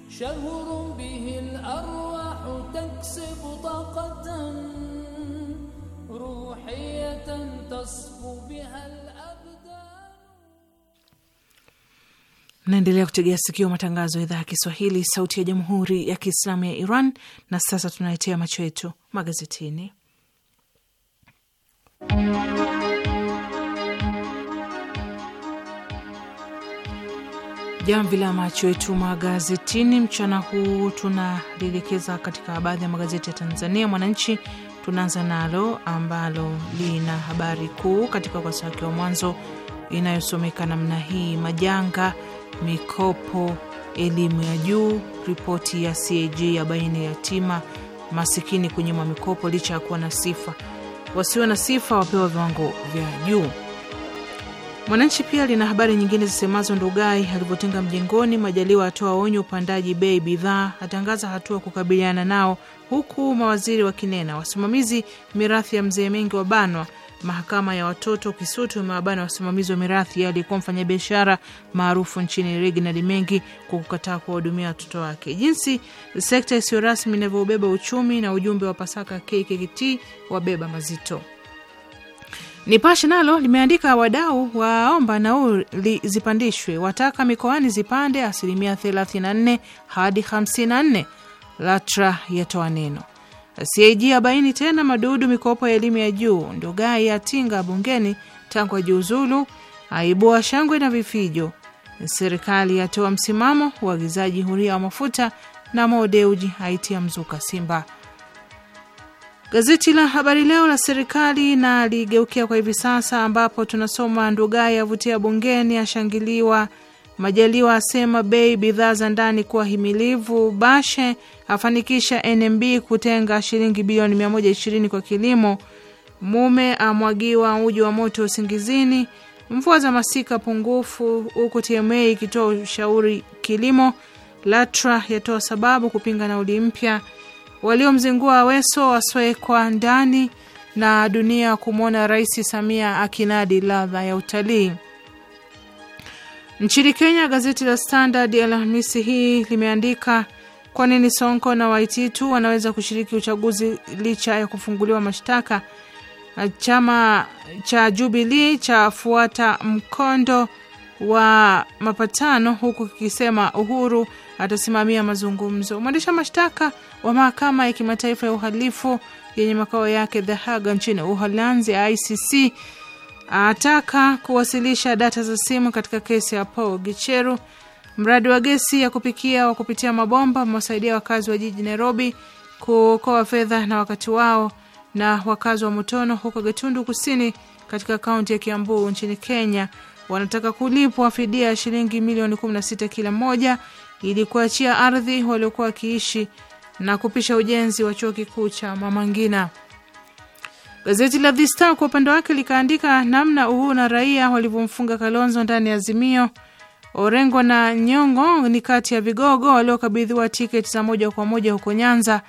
شهر به الأرواح تكسب طاقة Naendelea kutegea sikio matangazo ya idhaa ya Kiswahili, sauti ya jamhuri ya kiislamu ya Iran. Na sasa tunaletea macho yetu magazetini. Jamvi la macho yetu magazetini mchana huu tunalielekeza katika baadhi ya magazeti ya Tanzania. Mwananchi Tunaanza nalo ambalo lina habari kuu katika ukurasa wake wa mwanzo inayosomeka namna hii: majanga, mikopo, elimu ya juu. Ripoti ya CAG ya baini yatima masikini kunyimwa mikopo licha ya kuwa na sifa, wasio na sifa wapewa viwango vya juu. Mwananchi pia lina habari nyingine zisemazo: Ndugai alivyotenga mjengoni, Majaliwa atoa onyo upandaji bei bidhaa, atangaza hatua kukabiliana nao, huku mawaziri wakinena, wasimamizi mirathi ya mzee Mengi wabanwa. Mahakama ya watoto Kisutu imewabana wasimamizi wa mirathi aliyekuwa mfanyabiashara maarufu nchini Reginald Mengi kwa kukataa kuwahudumia watoto wake. Jinsi sekta isiyo rasmi inavyoubeba uchumi na ujumbe wa Pasaka KKKT wabeba mazito. Nipashe nalo limeandika wadau waomba nauli zipandishwe, wataka mikoani zipande asilimia 34 hadi 54. LATRA yatoa neno, CAG abaini tena madudu mikopo ya elimu ya juu. Ndogai yatinga bungeni tangu ajiuzulu, aibua shangwe na vifijo. Serikali yatoa msimamo uagizaji huria wa mafuta, na modeuji aitia mzuka Simba. Gazeti la Habari Leo la serikali na ligeukia kwa hivi sasa, ambapo tunasoma Ndugai avutia bungeni, ashangiliwa. Majaliwa asema bei bidhaa za ndani kuwa himilivu. Bashe afanikisha NMB kutenga shilingi bilioni 120 kwa kilimo. Mume amwagiwa uji wa moto usingizini. Mvua za masika pungufu, huku TMA ikitoa ushauri kilimo. LATRA yatoa sababu kupinga nauli mpya Waliomzingua Aweso waswekwa ndani, na dunia kumwona Rais Samia akinadi ladha ya utalii. Nchini Kenya, gazeti la Standard Alhamisi hii limeandika kwa nini Sonko na Waititu wanaweza kushiriki uchaguzi licha ya kufunguliwa mashtaka. Chama cha Jubilee chafuata mkondo wa mapatano, huku kikisema Uhuru atasimamia mazungumzo. Mwendesha mashtaka wa mahakama ya kimataifa ya uhalifu yenye makao yake The Hague nchini Uholanzi, ICC, ataka kuwasilisha data za simu katika kesi ya Paul Gicheru. Mradi wa gesi ya kupikia wa kupitia mabomba umewasaidia wakazi wa jiji Nairobi kuokoa fedha na wakati wao na wakazi wa Mutono huko Gatundu Kusini katika kaunti ya Kiambu nchini Kenya wanataka kulipwa fidia ya shilingi milioni 16 kila moja ili kuachia ardhi waliokuwa wakiishi na kupisha ujenzi wa chuo kikuu cha Mama Ngina. Gazeti la The Star kwa upande wake likaandika namna Uhuru na raia walivyomfunga Kalonzo ndani ya Azimio. Orengo na Nyong'o ni kati ya vigogo waliokabidhiwa tiketi za moja kwa moja huko Nyanza.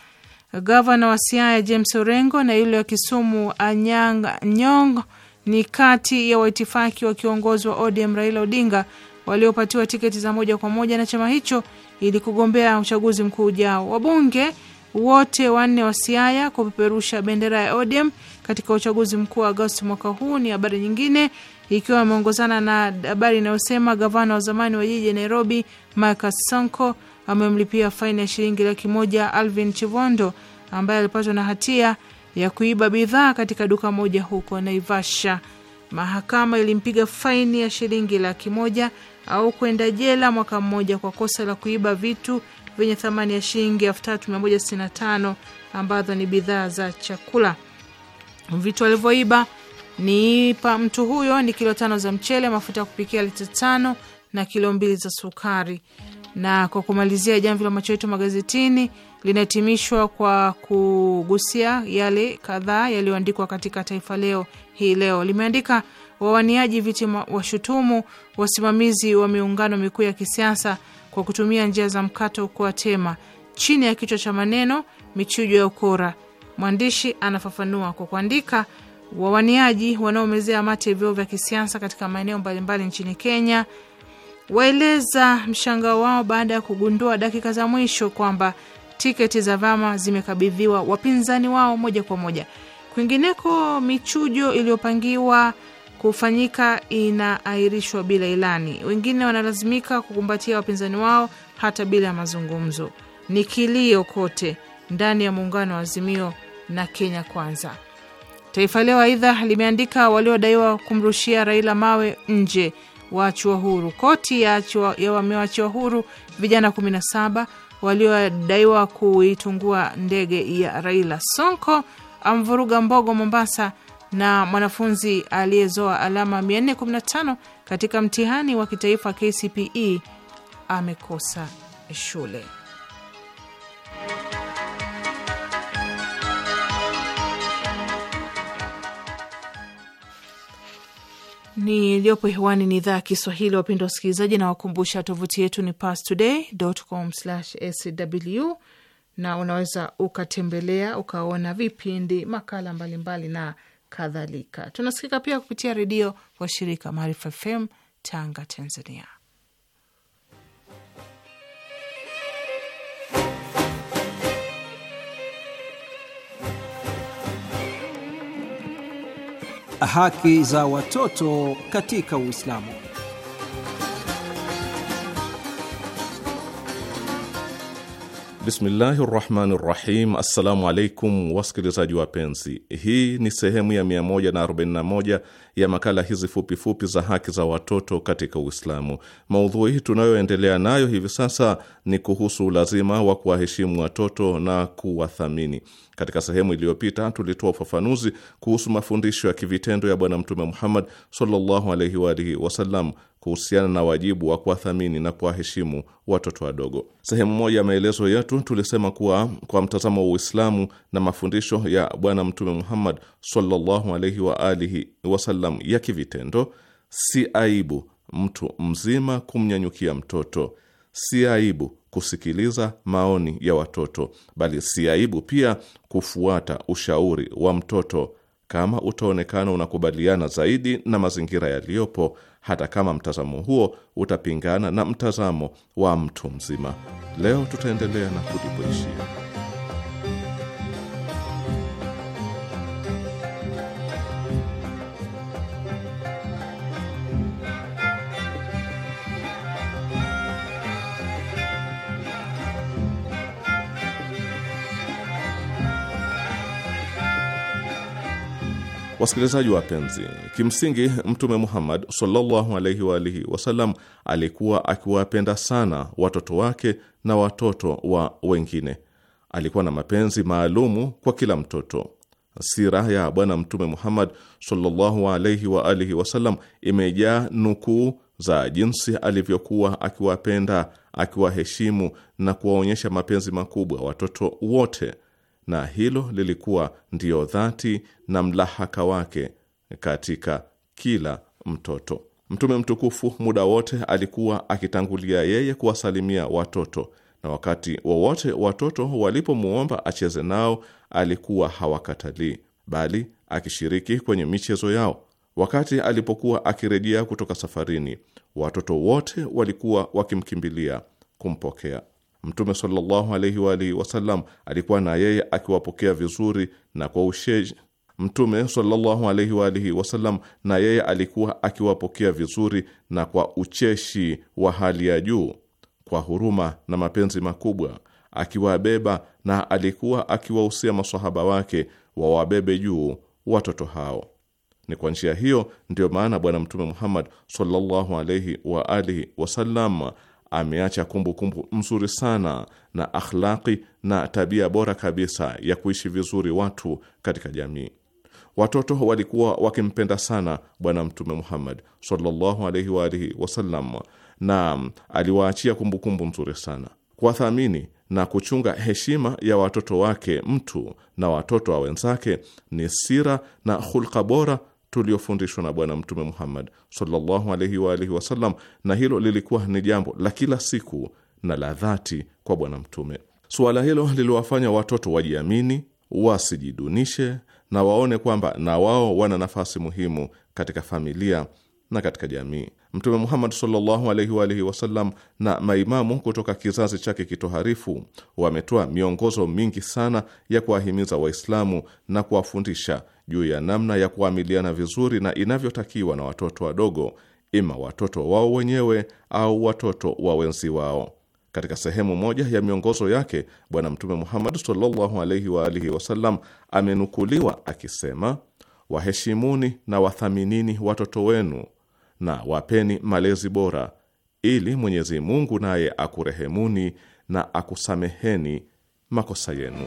Gavana wa Siaya James Orengo na yule wa Kisumu Anyang' Nyong'o ni kati ya waitifaki wa kiongozi wa ODM Raila Odinga waliopatiwa tiketi za moja kwa moja na chama hicho ili kugombea uchaguzi mkuu ujao. Wabunge wote wanne wa Siaya kupeperusha bendera ya ODM katika uchaguzi mkuu wa Agosti mwaka huu ni habari nyingine, ikiwa ameongozana na habari inayosema gavana wa zamani wa jiji Nairobi Micah Sonko amemlipia faini ya shilingi laki moja Alvin Chivondo ambaye alipatwa na hatia ya kuiba bidhaa katika duka moja huko Naivasha. Mahakama ilimpiga faini ya shilingi laki moja au kwenda jela mwaka mmoja kwa kosa la kuiba vitu vyenye thamani ya shilingi 3165 ambazo ni bidhaa za chakula. Vitu alivyoiba ni pa mtu huyo ni kilo tano za mchele, mafuta ya kupikia lita tano na kilo mbili za sukari. Na kwa kumalizia, jamvi la macho yetu magazetini linahitimishwa kwa kugusia yale kadhaa yaliyoandikwa katika Taifa Leo hii leo limeandika wawaniaji viti washutumu wasimamizi wa miungano mikuu ya kisiasa kwa kutumia njia za mkato kuwatema, chini ya kichwa cha maneno michujo ya ukora. Mwandishi anafafanua kwa kuandika, wawaniaji wanaomezea mate vyeo vya kisiasa katika maeneo mbalimbali nchini Kenya waeleza mshangao wao baada ya kugundua dakika za mwisho kwamba tiketi za vyama zimekabidhiwa wapinzani wao moja kwa moja. Kwingineko, michujo iliyopangiwa kufanyika inaairishwa bila ilani. Wengine wanalazimika kukumbatia wapinzani wao hata bila ya mazungumzo. Ni kilio kote ndani ya muungano wa Azimio na Kenya Kwanza. Taifa Leo aidha limeandika waliodaiwa kumrushia Raila mawe nje waachiwa huru. Koti ya, ya wamewachiwa huru vijana 17 waliodaiwa kuitungua ndege ya Raila. Sonko amvuruga Mbogo Mombasa na mwanafunzi aliyezoa alama 415 katika mtihani wa kitaifa KCPE amekosa shule. ni iliyopo hewani ni idhaa ya Kiswahili. Wapendwa wasikilizaji, na wakumbusha tovuti yetu ni pastoday.com/sw, na unaweza ukatembelea ukaona vipindi, makala mbalimbali mbali na kadhalika. Tunasikika pia kupitia redio shirika Maarifa FM Tanga, Tanzania. Haki za watoto katika Uislamu. Bismillahi rahmani rahim. Assalamu alaikum wasikilizaji wapenzi, hii ni sehemu ya 141 ya makala hizi fupifupi za haki za watoto katika Uislamu. Maudhui tunayoendelea nayo hivi sasa ni kuhusu ulazima wa kuwaheshimu watoto na kuwathamini. Katika sehemu iliyopita tulitoa ufafanuzi kuhusu mafundisho ya kivitendo ya Bwana Mtume Muhammad sallallahu alaihi wa alihi wasallam kuhusiana na wajibu wa kuwathamini na kuwaheshimu watoto wadogo. Sehemu moja ya maelezo yetu tulisema kuwa kwa mtazamo wa Uislamu na mafundisho ya Bwana Mtume Muhammad sallallahu alaihi wa alihi wasallam ya kivitendo, si aibu mtu mzima kumnyanyukia mtoto, si aibu kusikiliza maoni ya watoto, bali si aibu pia kufuata ushauri wa mtoto kama utaonekana unakubaliana zaidi na mazingira yaliyopo hata kama mtazamo huo utapingana na mtazamo wa mtu mzima. Leo tutaendelea na kulipoishia. Wasikilizaji wapenzi, kimsingi Mtume Muhammad sallallahu alaihi wa alihi wasallam alikuwa akiwapenda sana watoto wake na watoto wa wengine. Alikuwa na mapenzi maalumu kwa kila mtoto. Sira ya Bwana Mtume Muhammad sallallahu alaihi wa alihi wasallam imejaa nukuu za jinsi alivyokuwa akiwapenda, akiwaheshimu na kuwaonyesha mapenzi makubwa watoto wote na hilo lilikuwa ndiyo dhati na mlahaka wake katika kila mtoto. Mtume mtukufu muda wote alikuwa akitangulia yeye kuwasalimia watoto, na wakati wowote watoto walipomwomba acheze nao alikuwa hawakatalii, bali akishiriki kwenye michezo yao. Wakati alipokuwa akirejea kutoka safarini, watoto wote walikuwa wakimkimbilia kumpokea. Mtume sallallahu alaihi wa alihi wasallam alikuwa na yeye akiwapokea vizuri na kwa usheji. Mtume sallallahu alaihi wa alihi wasallam na yeye alikuwa akiwapokea vizuri na kwa ucheshi wa hali ya juu, kwa huruma na mapenzi makubwa, akiwabeba na alikuwa akiwahusia masahaba wake wawabebe juu watoto hao. Ni kwa njia hiyo ndiyo maana Bwana Mtume Muhammad sallallahu alaihi wa alihi wasallam ameacha kumbukumbu mzuri sana na akhlaqi na tabia bora kabisa ya kuishi vizuri watu katika jamii. Watoto walikuwa wakimpenda sana Bwana Mtume Muhammad sallallahu alaihi wa alihi wasallam, na aliwaachia kumbukumbu nzuri sana. Kuwathamini na kuchunga heshima ya watoto wake mtu na watoto wa wenzake ni sira na hulka bora tuliofundishwa na Bwana Mtume Muhammad sallallahu alaihi wa alihi wasallam, na hilo lilikuwa ni jambo la kila siku na la dhati kwa Bwana Mtume. Suala hilo liliwafanya watoto wajiamini, wasijidunishe na waone kwamba na wao wana nafasi muhimu katika familia na katika jamii. Mtume Muhammad sallallahu alaihi wa alihi wasallam na maimamu kutoka kizazi chake kitoharifu wametoa miongozo mingi sana ya kuwahimiza Waislamu na kuwafundisha juu ya namna ya kuamiliana vizuri na inavyotakiwa na watoto wadogo, ima watoto wao wenyewe au watoto wa wenzi wao. Katika sehemu moja ya miongozo yake Bwana Mtume Muhammad sallallahu alaihi wa alihi wasallam amenukuliwa akisema, waheshimuni na wathaminini watoto wenu na wapeni malezi bora, ili Mwenyezi Mungu naye akurehemuni na akusameheni makosa yenu.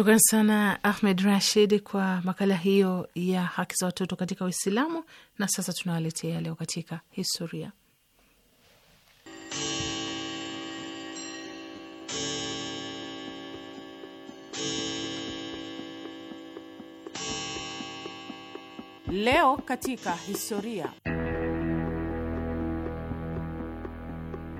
Shukran sana Ahmed Rashid kwa makala hiyo ya haki za watoto katika Uislamu. Na sasa tunawaletea leo katika historia. Leo katika historia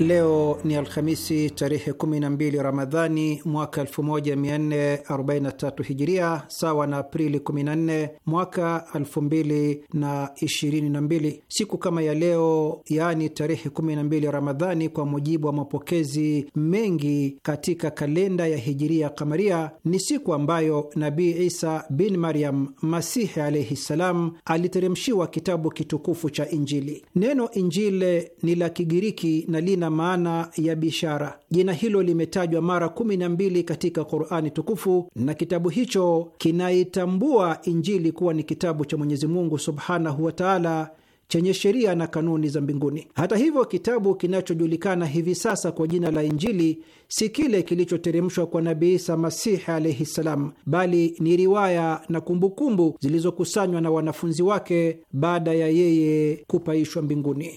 Leo ni Alhamisi tarehe 12 Ramadhani mwaka 1443 Hijiria, sawa na Aprili 14 mwaka 2022. Siku kama ya leo, yaani tarehe 12 Ramadhani, kwa mujibu wa mapokezi mengi katika kalenda ya Hijiria Kamaria, ni siku ambayo Nabii Isa bin Maryam Masihi alaihi ssalam aliteremshiwa kitabu kitukufu cha Injili. Neno Injili ni la Kigiriki na lina maana ya bishara. Jina hilo limetajwa mara kumi na mbili katika Qurani tukufu na kitabu hicho kinaitambua Injili kuwa ni kitabu cha Mwenyezi Mungu subhanahu wataala chenye sheria na kanuni za mbinguni. Hata hivyo, kitabu kinachojulikana hivi sasa kwa jina la Injili si kile kilichoteremshwa kwa Nabii Isa Masihi alaihi ssalam, bali ni riwaya na kumbukumbu zilizokusanywa na wanafunzi wake baada ya yeye kupaishwa mbinguni.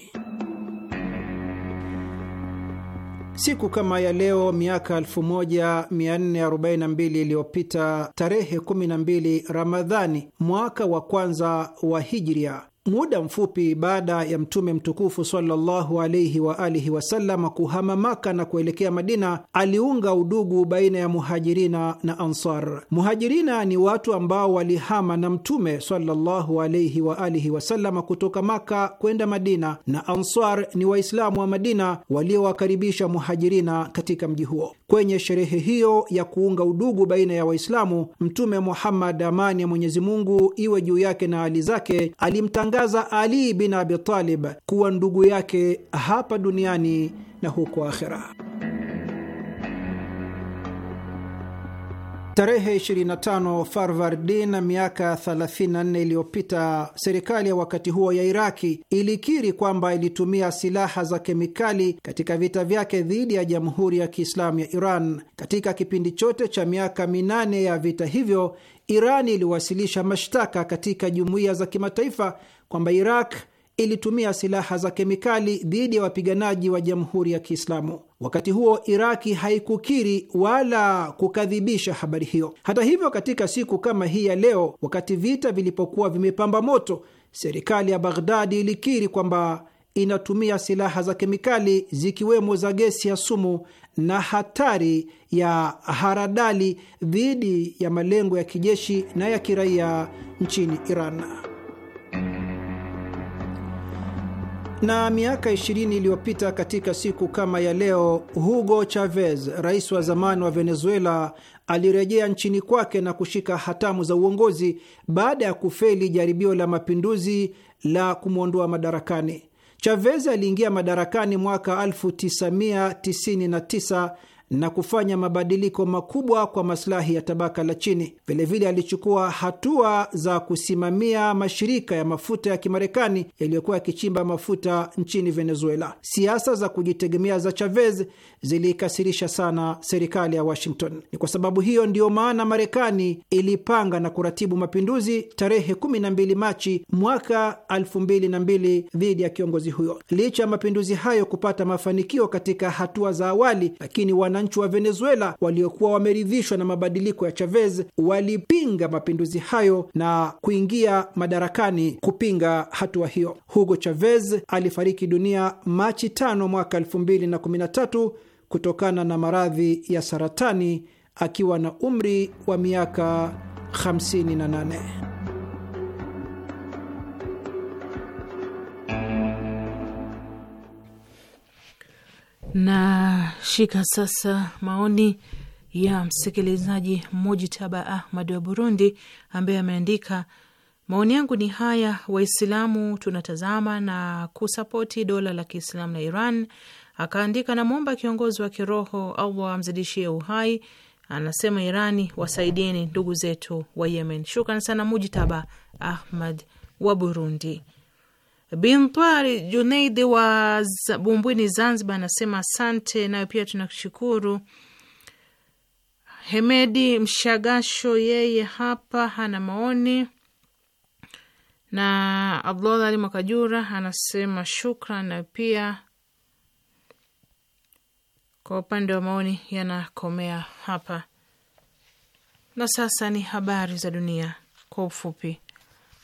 Siku kama ya leo miaka 1442 iliyopita, tarehe 12 Ramadhani mwaka wa kwanza wa Hijria, Muda mfupi baada ya Mtume mtukufu sallallahu alaihi wa alihi wasallam kuhama Maka na kuelekea Madina, aliunga udugu baina ya Muhajirina na Ansar. Muhajirina ni watu ambao walihama na Mtume sallallahu alaihi wa alihi wasallam kutoka Maka kwenda Madina, na Ansar ni Waislamu wa Madina waliowakaribisha Muhajirina katika mji huo. Kwenye sherehe hiyo ya kuunga udugu baina ya Waislamu, Mtume Muhammad, amani ya Mwenyezi Mungu iwe juu yake na hali zake, alimtanga kumtangaza Ali bin Abi Talib kuwa ndugu yake hapa duniani na huko akhera. Tarehe 25 Farvardin, miaka 34 iliyopita, serikali ya wakati huo ya Iraki ilikiri kwamba ilitumia silaha za kemikali katika vita vyake dhidi ya Jamhuri ya Kiislamu ya Iran. Katika kipindi chote cha miaka minane ya vita hivyo, Iran iliwasilisha mashtaka katika jumuiya za kimataifa kwamba Iraq ilitumia silaha za kemikali dhidi ya wapiganaji wa Jamhuri ya Kiislamu. Wakati huo Iraki haikukiri wala kukadhibisha habari hiyo. Hata hivyo, katika siku kama hii ya leo, wakati vita vilipokuwa vimepamba moto, serikali ya Baghdadi ilikiri kwamba inatumia silaha za kemikali zikiwemo za gesi ya sumu na hatari ya haradali dhidi ya malengo ya kijeshi na ya kiraia nchini Iran. Na miaka 20 iliyopita katika siku kama ya leo, Hugo Chavez, rais wa zamani wa Venezuela, alirejea nchini kwake na kushika hatamu za uongozi baada ya kufeli jaribio la mapinduzi la kumwondoa madarakani. Chavez aliingia madarakani mwaka 1999 na kufanya mabadiliko makubwa kwa masilahi ya tabaka la chini. Vilevile alichukua hatua za kusimamia mashirika ya mafuta ya Kimarekani yaliyokuwa yakichimba mafuta nchini Venezuela. Siasa za kujitegemea za Chavez ziliikasirisha sana serikali ya Washington. Ni kwa sababu hiyo ndiyo maana Marekani ilipanga na kuratibu mapinduzi tarehe 12 Machi mwaka 2002 dhidi ya kiongozi huyo. Licha ya mapinduzi hayo kupata mafanikio katika hatua za awali, lakini wana wananchi wa Venezuela waliokuwa wameridhishwa na mabadiliko ya Chavez walipinga mapinduzi hayo na kuingia madarakani kupinga hatua hiyo. Hugo Chavez alifariki dunia Machi tano mwaka 2013 kutokana na maradhi ya saratani akiwa na umri wa miaka 58. na shika sasa maoni ya msikilizaji Mujitaba Ahmad wa Burundi, ambaye ameandika maoni yangu ni haya: Waislamu tunatazama na kusapoti dola la Kiislamu la Iran. Akaandika, namwomba kiongozi wa kiroho allah amzidishie uhai. Anasema Irani, wasaidieni ndugu zetu wa Yemen. Shukran sana Mujitaba Ahmad wa Burundi. Bintwari Junaidi wa Bumbwini, Zanzibar, anasema asante. Nayo pia tunakushukuru. Hemedi Mshagasho yeye hapa hana maoni, na Abdullah Ali Makajura anasema shukran. Na pia kwa upande wa maoni yanakomea hapa, na sasa ni habari za dunia kwa ufupi.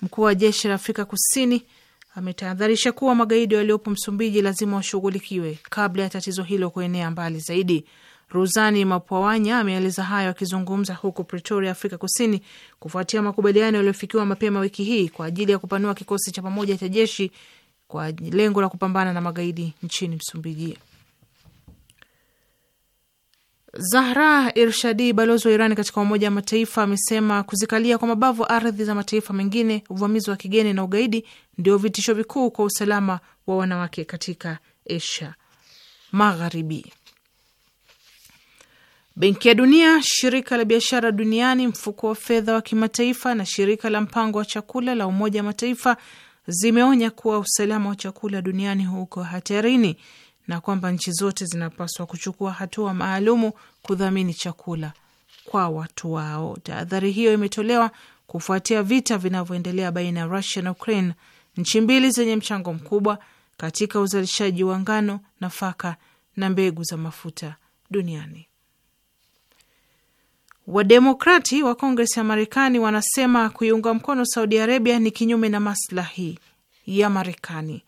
Mkuu wa jeshi la Afrika Kusini ametahadharisha kuwa magaidi waliopo Msumbiji lazima washughulikiwe kabla ya tatizo hilo kuenea mbali zaidi. Ruzani Mapwawanya ameeleza hayo akizungumza huku Pretoria, Afrika Kusini, kufuatia makubaliano yaliyofikiwa mapema wiki hii kwa ajili ya kupanua kikosi cha pamoja cha jeshi kwa lengo la kupambana na magaidi nchini Msumbiji. Zahra Irshadi, balozi wa Irani katika Umoja wa Mataifa, amesema kuzikalia kwa mabavu ardhi za mataifa mengine, uvamizi wa kigeni na ugaidi ndio vitisho vikuu kwa usalama wa wanawake katika Asia Magharibi. Benki ya Dunia, shirika la biashara duniani, mfuko wa fedha wa kimataifa na shirika la mpango wa chakula la Umoja wa Mataifa zimeonya kuwa usalama wa chakula duniani huko hatarini na kwamba nchi zote zinapaswa kuchukua hatua maalumu kudhamini chakula kwa watu wao. Tahadhari hiyo imetolewa kufuatia vita vinavyoendelea baina ya Russia na Ukraine, nchi mbili zenye mchango mkubwa katika uzalishaji wa ngano, nafaka na mbegu za mafuta duniani. Wademokrati wa kongres ya Marekani wanasema kuiunga mkono Saudi Arabia ni kinyume na maslahi ya Marekani.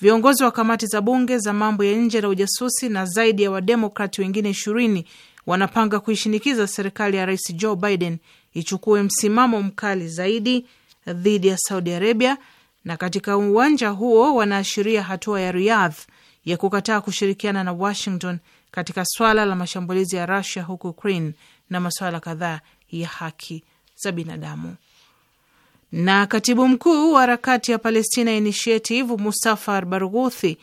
Viongozi wa kamati za bunge za mambo ya nje na ujasusi na zaidi ya wademokrati wengine ishirini wanapanga kuishinikiza serikali ya rais Joe Biden ichukue msimamo mkali zaidi dhidi ya Saudi Arabia, na katika uwanja huo wanaashiria hatua ya Riyadh ya kukataa kushirikiana na Washington katika swala la mashambulizi ya Russia huko Ukraine na masuala kadhaa ya haki za binadamu. Na katibu mkuu wa harakati ya Palestina Initiative Mustafar Barghuthi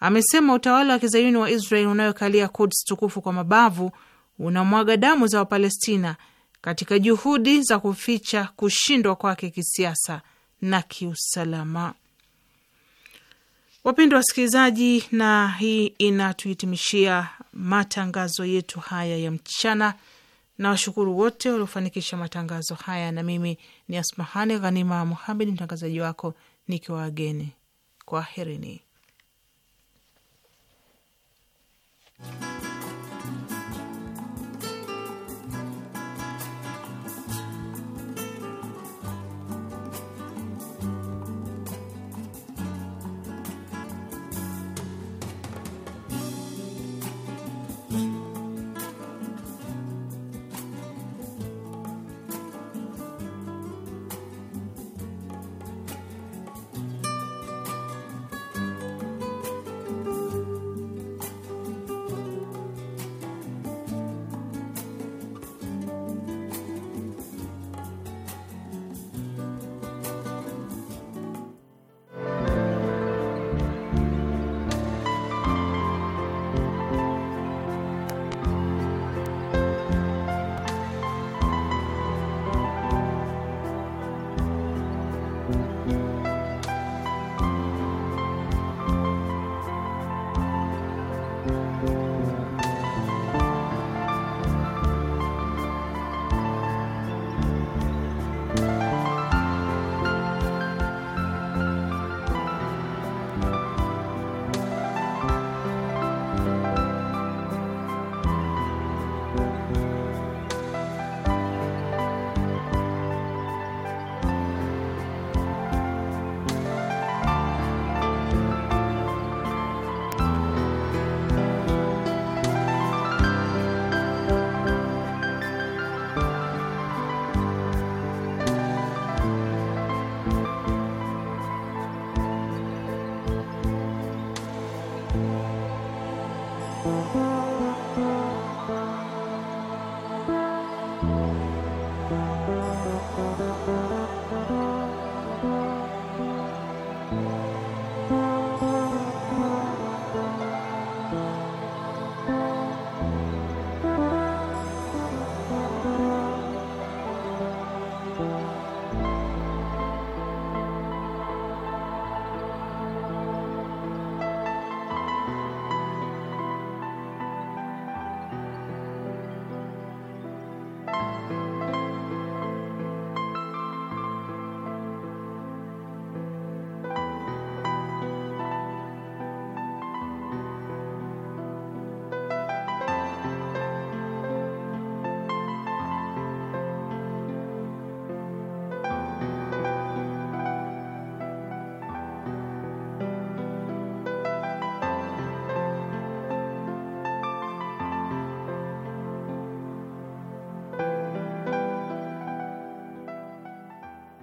amesema utawala wa kizayuni wa Israel unayokalia Kuds tukufu kwa mabavu unamwaga damu za Wapalestina katika juhudi za kuficha kushindwa kwake kisiasa na kiusalama. Wapendwa wasikilizaji, na hii inatuhitimishia matangazo yetu haya ya mchana na washukuru wote waliofanikisha matangazo haya, na mimi ni Asmahani Ghanima Muhamed, mtangazaji wako nikiwa wageni, kwaherini.